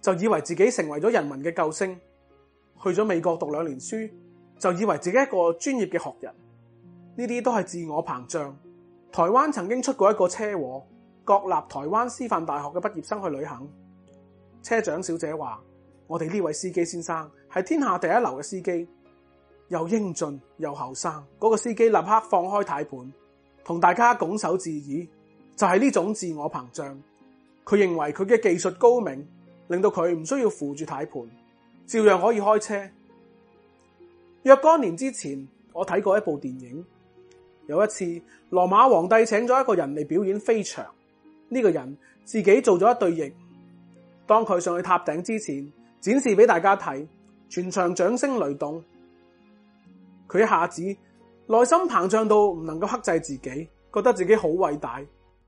就以為自己成為咗人民嘅救星；去咗美國讀兩年書，就以為自己一個專業嘅學人。呢啲都係自我膨脹。台灣曾經出過一個車禍，國立台灣師範大學嘅畢業生去旅行，車長小姐話：我哋呢位司機先生係天下第一流嘅司機，又英俊又後生。嗰、那個司機立刻放開軚盤，同大家拱手致意，就係、是、呢種自我膨脹。佢認為佢嘅技術高明，令到佢唔需要扶住軚盤，照樣可以開車。若干年之前，我睇過一部電影。有一次，羅馬皇帝請咗一個人嚟表演飛翔。呢個人自己做咗一對翼。當佢上去塔頂之前，展示俾大家睇，全場掌聲雷動。佢一下子內心膨脹到唔能夠克制自己，覺得自己好偉大，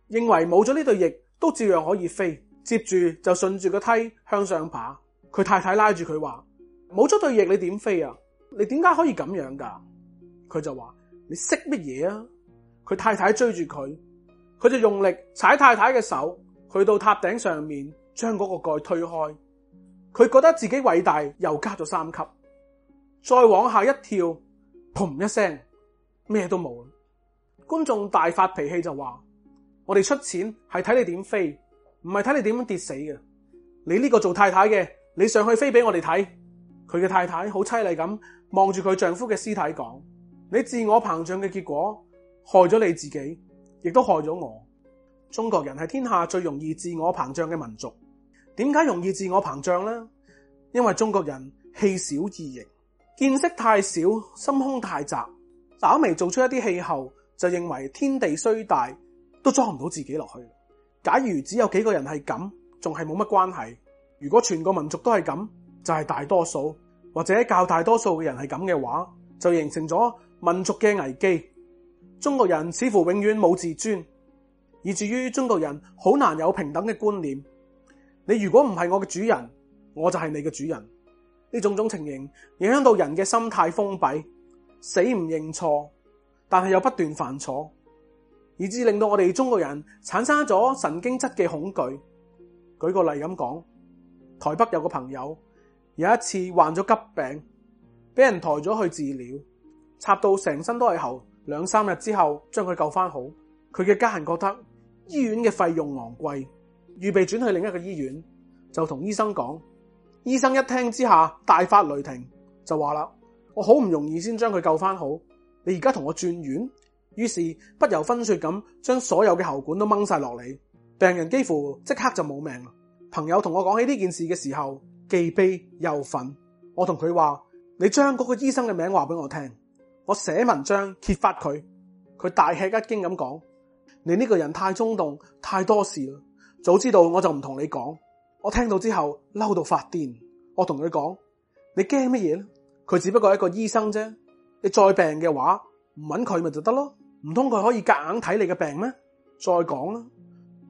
認為冇咗呢對翼都照樣可以飛。接住就順住個梯向上爬。佢太太拉住佢話：冇咗對翼你點飛啊？你點解可以咁樣噶？佢就話。你識乜嘢啊？佢太太追住佢，佢就用力踩太太嘅手，去到塔頂上面，將嗰個蓋推開。佢覺得自己偉大又加咗三級，再往下一跳，嘭一聲咩都冇。觀眾大發脾氣就話：我哋出錢係睇你點飛，唔係睇你點樣跌死嘅。你呢個做太太嘅，你上去飛俾我哋睇。佢嘅太太好凄厲咁望住佢丈夫嘅屍體講。你自我膨脹嘅結果，害咗你自己，亦都害咗我。中國人係天下最容易自我膨脹嘅民族，點解容易自我膨脹呢？因為中國人氣小易盈，見識太少，心胸太窄，稍微做出一啲氣候，就認為天地雖大，都裝唔到自己落去。假如只有幾個人係咁，仲係冇乜關係。如果全個民族都係咁，就係、是、大多數或者較大多數嘅人係咁嘅話，就形成咗民族嘅危機，中國人似乎永遠冇自尊，以至於中國人好難有平等嘅觀念。你如果唔係我嘅主人，我就係你嘅主人。呢種種情形影響到人嘅心態封閉，死唔認錯，但係又不斷犯錯，以致令到我哋中國人產生咗神經質嘅恐懼。舉個例咁講，台北有個朋友有一次患咗急病，俾人抬咗去治療。插到成身都係喉，兩三日之後將佢救翻好。佢嘅家人覺得醫院嘅費用昂貴，預備轉去另一個醫院，就同醫生講。醫生一聽之下大發雷霆，就話啦：我好唔容易先將佢救翻好，你而家同我轉院。於是不由分說咁將所有嘅喉管都掹晒落嚟，病人幾乎即刻就冇命。朋友同我講起呢件事嘅時候，既悲又憤。我同佢話：你將嗰個醫生嘅名話俾我聽。我寫文章揭發佢，佢大吃一驚咁講：你呢個人太衝動，太多事啦！早知道我就唔同你講。我聽到之後，嬲到發癲。我同佢講：你驚乜嘢呢？佢只不過係一個醫生啫。你再病嘅話，唔搵佢咪就得咯？唔通佢可以夾硬睇你嘅病咩？再講啦，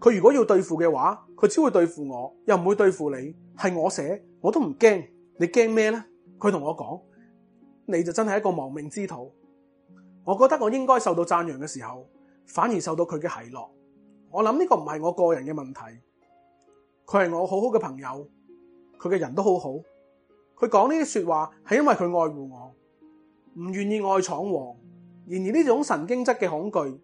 佢如果要對付嘅話，佢只會對付我，又唔會對付你。係我寫，我都唔驚。你驚咩呢？佢同我講。你就真係一個亡命之徒。我覺得我應該受到讚揚嘅時候，反而受到佢嘅奚落。我諗呢個唔係我個人嘅問題，佢係我好好嘅朋友，佢嘅人都好好。佢講呢啲說話係因為佢愛護我，唔願意愛闖禍。然而呢種神經質嘅恐懼，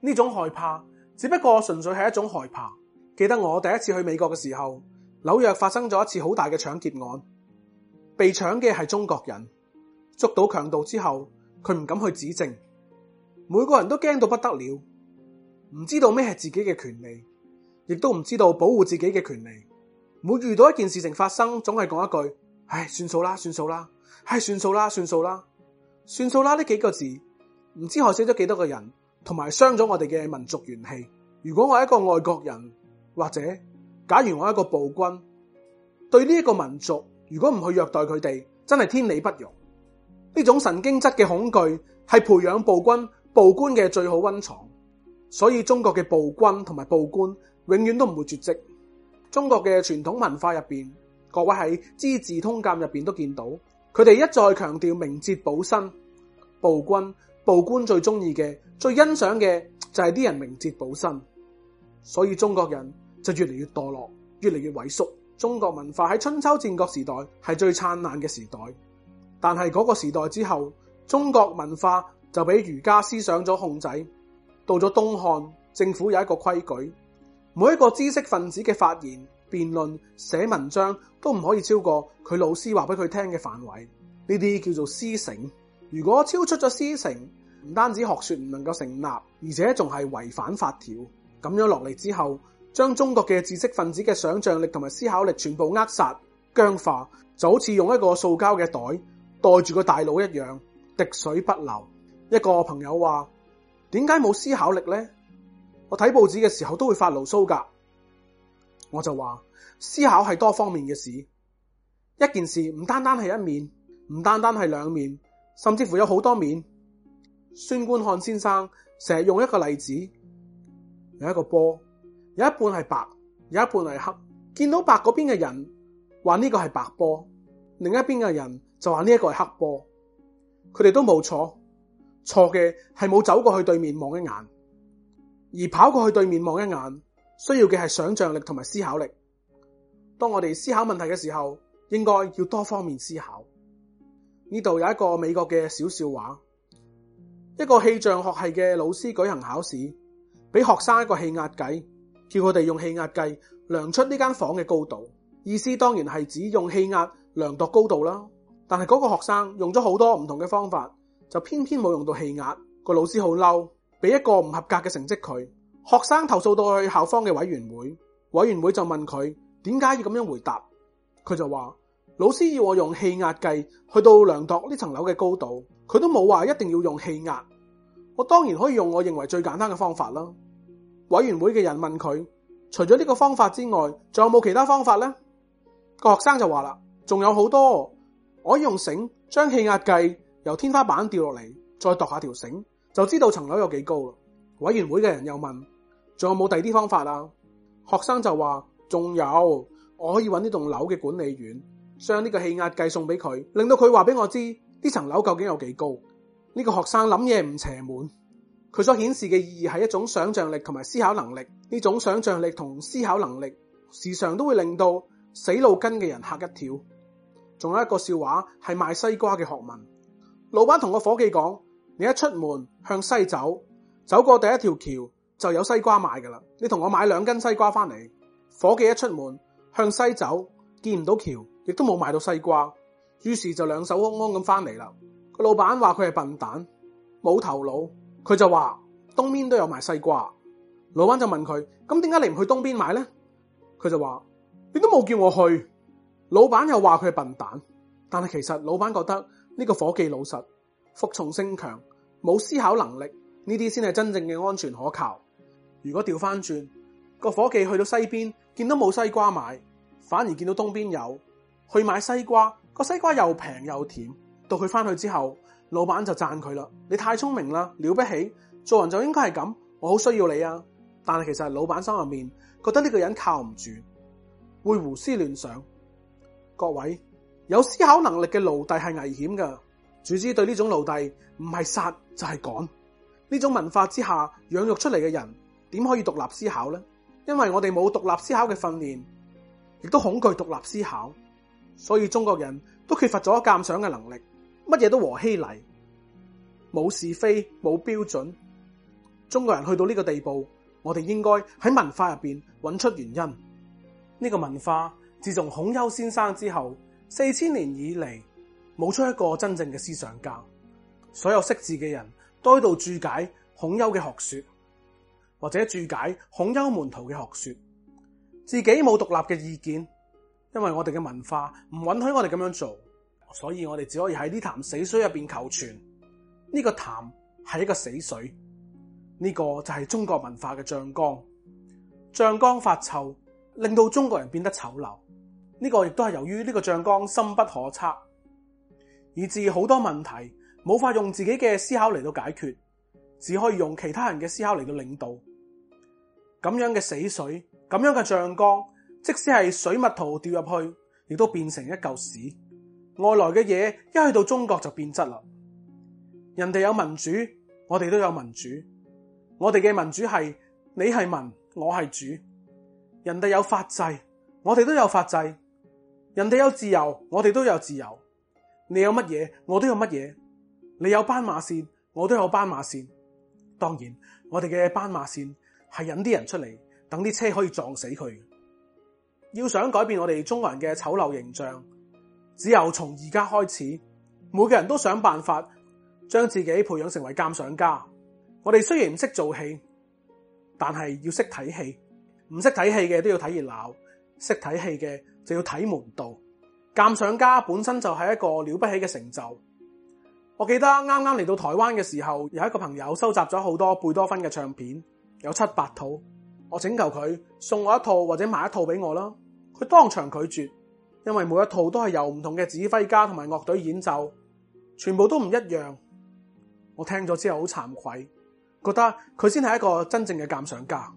呢種害怕，只不過純粹係一種害怕。記得我第一次去美國嘅時候，紐約發生咗一次好大嘅搶劫案，被搶嘅係中國人。捉到強盜之後，佢唔敢去指證，每個人都驚到不得了，唔知道咩係自己嘅權利，亦都唔知道保護自己嘅權利。每遇到一件事情發生，總係講一句：唉，算數啦，算數啦，唉，算數啦，算數啦，算數啦。呢幾個字唔知害死咗幾多個人，同埋傷咗我哋嘅民族元氣。如果我係一個外國人，或者假如我係一個暴君，對呢一個民族，如果唔去虐待佢哋，真係天理不容。呢種神經質嘅恐懼係培養暴君、暴官嘅最好溫床，所以中國嘅暴君同埋暴官永遠都唔會絕迹。中國嘅傳統文化入邊，各位喺《資治通鑑》入邊都見到，佢哋一再強調明哲保身，暴君、暴官最中意嘅、最欣賞嘅就係啲人明哲保身，所以中國人就越嚟越墮落，越嚟越萎縮。中國文化喺春秋戰國時代係最燦爛嘅時代。但係嗰個時代之後，中國文化就被儒家思想咗控制。到咗東漢，政府有一個規矩，每一個知識分子嘅發言、辯論、寫文章都唔可以超過佢老師話俾佢聽嘅範圍。呢啲叫做師承。如果超出咗師承，唔單止學說唔能夠成立，而且仲係違反法條。咁樣落嚟之後，將中國嘅知識分子嘅想象力同埋思考力全部扼殺、僵化，就好似用一個塑膠嘅袋。袋住個大佬一樣，滴水不流。一個朋友話：點解冇思考力呢？我睇報紙嘅時候都會發牢騷噶。我就話：思考係多方面嘅事，一件事唔單單係一面，唔單單係兩面，甚至乎有好多面。孫觀漢先生成日用一個例子：有一個波，有一半係白，有一半係黑。見到白嗰邊嘅人話呢個係白波，另一邊嘅人，就話呢一個係黑波，佢哋都冇錯，錯嘅係冇走過去對面望一眼，而跑過去對面望一眼需要嘅係想象力同埋思考力。當我哋思考問題嘅時候，應該要多方面思考。呢度有一個美國嘅小笑話，一個氣象學系嘅老師舉行考試，俾學生一個氣壓計，叫佢哋用氣壓計量出呢間房嘅高度。意思當然係指用氣壓量度高度啦。但係嗰個學生用咗好多唔同嘅方法，就偏偏冇用到氣壓。個老師好嬲，俾一個唔合格嘅成績佢。學生投訴到去校方嘅委員會，委員會就問佢點解要咁樣回答？佢就話：老師要我用氣壓計去到量度呢層樓嘅高度，佢都冇話一定要用氣壓。我當然可以用我認為最簡單嘅方法啦。委員會嘅人問佢：除咗呢個方法之外，仲有冇其他方法呢？個學生就話啦：仲有好多。我用繩將氣壓計由天花板掉落嚟，再度下條繩，就知道層樓有幾高啦。委員會嘅人又問：仲有冇第啲方法啊？學生就話：仲有，我可以揾呢棟樓嘅管理員，將呢個氣壓計送俾佢，令到佢話俾我知呢層樓究竟有幾高。呢、這個學生諗嘢唔邪門，佢所顯示嘅意義係一種想象力同埋思考能力。呢種想象力同思考能力，時常都會令到死腦筋嘅人嚇一跳。仲有一個笑話係賣西瓜嘅學問。老闆同個伙計講：你一出門向西走，走過第一條橋就有西瓜賣噶啦。你同我買兩斤西瓜翻嚟。伙計一出門向西走，見唔到橋，亦都冇買到西瓜，於是就兩手揈揈咁翻嚟啦。個老闆話佢係笨蛋，冇頭腦。佢就話東面都有賣西瓜。老闆就問佢：咁點解你唔去東邊買呢？佢就話：你都冇叫我去。老闆又話佢係笨蛋，但係其實老闆覺得呢個伙計老實、服從性強、冇思考能力，呢啲先係真正嘅安全可靠。如果調翻轉，個伙計去到西邊，見到冇西瓜買，反而見到東邊有去買西瓜，個西瓜又平又甜。到佢翻去之後，老闆就讚佢啦：你太聰明啦，了不起，做人就應該係咁。我好需要你啊！但係其實老闆心入面覺得呢個人靠唔住，會胡思亂想。各位有思考能力嘅奴隸係危險嘅，主子對呢種奴隸唔係殺就係趕。呢種文化之下，養育出嚟嘅人點可以獨立思考呢？因為我哋冇獨立思考嘅訓練，亦都恐懼獨立思考，所以中國人都缺乏咗鑒賞嘅能力，乜嘢都和稀泥，冇是非，冇標準。中國人去到呢個地步，我哋應該喺文化入邊揾出原因。呢個文化。自從孔丘先生之後，四千年以嚟冇出一個真正嘅思想家，所有識字嘅人都喺度注解孔丘嘅學說，或者注解孔丘門徒嘅學說，自己冇獨立嘅意見，因為我哋嘅文化唔允許我哋咁樣做，所以我哋只可以喺呢潭死水入邊求存。呢、這個潭係一個死水，呢、這個就係中國文化嘅醬缸，醬缸發臭，令到中國人變得醜陋。呢個亦都係由於呢個醬缸深不可測，以致好多問題冇法用自己嘅思考嚟到解決，只可以用其他人嘅思考嚟到領導。咁樣嘅死水，咁樣嘅醬缸，即使係水蜜桃掉入去，亦都變成一嚿屎。外來嘅嘢一去到中國就變質啦。人哋有民主，我哋都有民主。我哋嘅民主係你係民，我係主。人哋有法制，我哋都有法制。人哋有自由，我哋都有自由。你有乜嘢，我都有乜嘢。你有斑馬線，我都有斑馬線。當然，我哋嘅斑馬線係引啲人出嚟，等啲車可以撞死佢。要想改變我哋中國人嘅醜陋形象，只有從而家開始，每個人都想辦法將自己培養成為鑑賞家。我哋雖然唔識做戲，但係要識睇戲。唔識睇戲嘅都要睇熱鬧，識睇戲嘅就要睇門道，鑑賞家本身就係一個了不起嘅成就。我記得啱啱嚟到台灣嘅時候，有一個朋友收集咗好多貝多芬嘅唱片，有七八套。我請求佢送我一套或者買一套俾我啦，佢當場拒絕，因為每一套都係由唔同嘅指揮家同埋樂隊演奏，全部都唔一樣。我聽咗之後好慚愧，覺得佢先係一個真正嘅鑑賞家。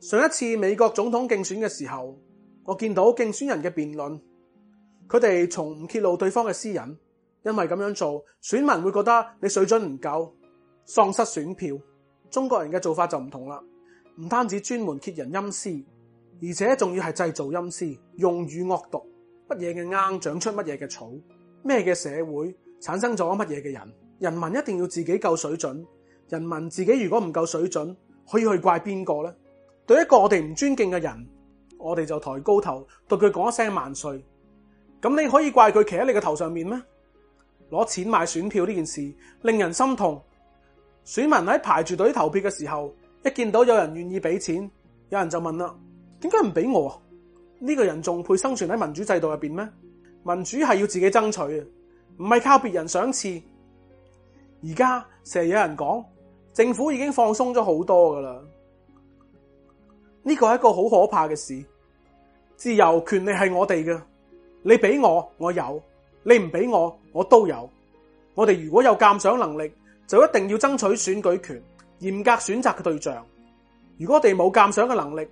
上一次美國總統競選嘅時候，我見到競選人嘅辯論，佢哋從唔揭露對方嘅私隱，因為咁樣做選民會覺得你水準唔夠，喪失選票。中國人嘅做法就唔同啦，唔單止專門揭人陰私，而且仲要係製造陰私，用語惡毒，乜嘢嘅啱，長出乜嘢嘅草，咩嘅社會產生咗乜嘢嘅人？人民一定要自己夠水準，人民自己如果唔夠水準，可以去怪邊個呢？對一個我哋唔尊敬嘅人。我哋就抬高頭對佢講一聲萬歲，咁你可以怪佢企喺你嘅頭上面咩？攞錢買選票呢件事令人心痛。選民喺排住隊投票嘅時候，一見到有人願意俾錢，有人就問啦：點解唔俾我？呢個人仲配生存喺民主制度入邊咩？民主係要自己爭取，唔係靠別人賞賜。而家成日有人講，政府已經放鬆咗好多噶啦，呢個係一個好可怕嘅事。自由權利係我哋嘅，你俾我我有，你唔俾我我都有。我哋如果有鑒賞能力，就一定要爭取選舉權，嚴格選擇嘅對象。如果我哋冇鑒賞嘅能力，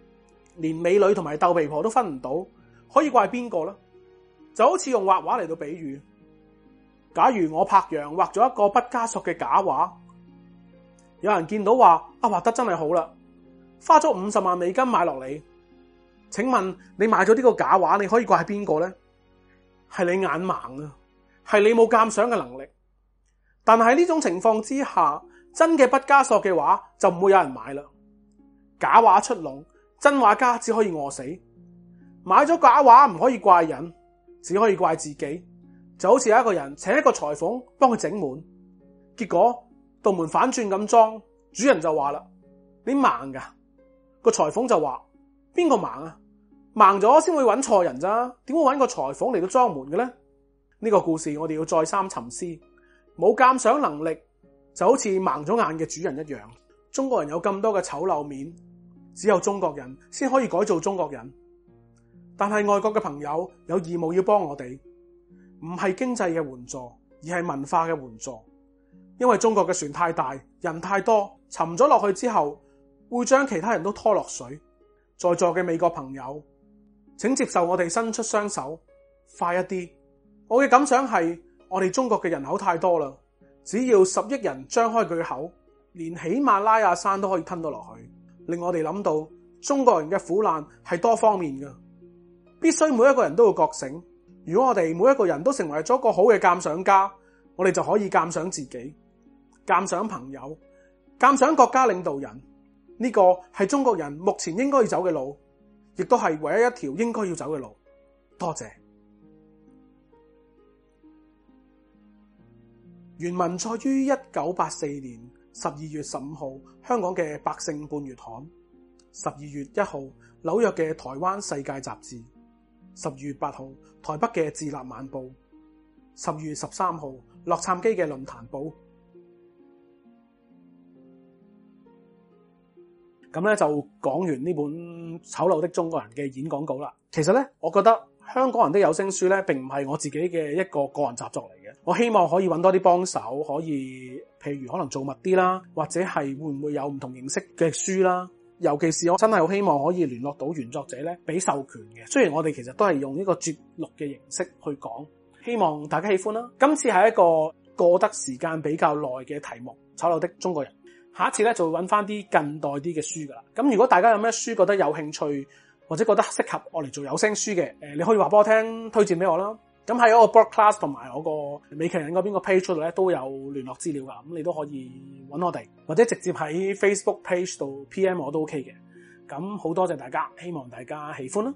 連美女同埋鬥皮婆都分唔到，可以怪邊個咧？就好似用畫畫嚟，到比喻，假如我柏楊畫咗一個不加索嘅假畫，有人見到話，啊，畫得真係好啦，花咗五十萬美金買落嚟。請問你買咗呢個假畫，你可以怪係邊個呢？係你眼盲啊，係你冇鑑賞嘅能力。但係呢種情況之下，真嘅畢加索嘅畫就唔會有人買啦。假畫出籠，真畫家只可以餓死。買咗假畫唔可以怪人，只可以怪自己。就好似有一個人請一個裁縫幫佢整門，結果道門反轉咁裝，主人就話啦，你盲噶、啊。個裁縫就話，邊個盲啊？盲咗先會揾錯人咋？點會揾個裁縫嚟到裝門嘅呢？呢個故事我哋要再三沉思。冇鑒賞能力，就好似盲咗眼嘅主人一樣。中國人有咁多嘅醜陋面，只有中國人先可以改造中國人。但係外國嘅朋友有義務要幫我哋，唔係經濟嘅援助，而係文化嘅援助。因為中國嘅船太大，人太多，沉咗落去之後，會將其他人都拖落水。在座嘅美國朋友，請接受我哋伸出雙手，快一啲！我嘅感想係，我哋中國嘅人口太多啦，只要十億人張開佢口，連喜馬拉雅山都可以吞到落去。令我哋諗到，中國人嘅苦難係多方面嘅，必須每一個人都要覺醒。如果我哋每一個人都成為咗個好嘅鑑賞家，我哋就可以鑑賞自己、鑑賞朋友、鑑賞國家領導人。呢、這個係中國人目前應該要走嘅路。亦都係唯一一條應該要走嘅路。多謝。原文載於一九八四年十二月十五號香港嘅《百姓半月刊》月，十二月一號紐約嘅《台灣世界雜誌》，十二月八號台北嘅《自立晚報》，十二月十三號洛杉磯嘅《論壇報》。咁咧就講完呢本《醜陋的中國人》嘅演講稿啦。其實呢，我覺得香港人的有聲書呢，並唔係我自己嘅一個個人習作嚟嘅。我希望可以揾多啲幫手，可以譬如可能做密啲啦，或者係會唔會有唔同形式嘅書啦。尤其是我真係好希望可以聯絡到原作者呢，俾授權嘅。雖然我哋其實都係用呢個節錄嘅形式去講，希望大家喜歡啦。今次係一個過得時間比較耐嘅題目，《醜陋的中國人》。下一次咧就揾翻啲近代啲嘅書噶啦。咁如果大家有咩書覺得有興趣，或者覺得適合我嚟做有聲書嘅，誒你可以話俾我聽，推薦俾我啦。咁喺我個 blog class 同埋我個美劇人嗰邊個 page 度咧都有聯絡資料噶，咁你都可以揾我哋，或者直接喺 Facebook page 度 PM 我都 OK 嘅。咁好多謝大家，希望大家喜歡啦。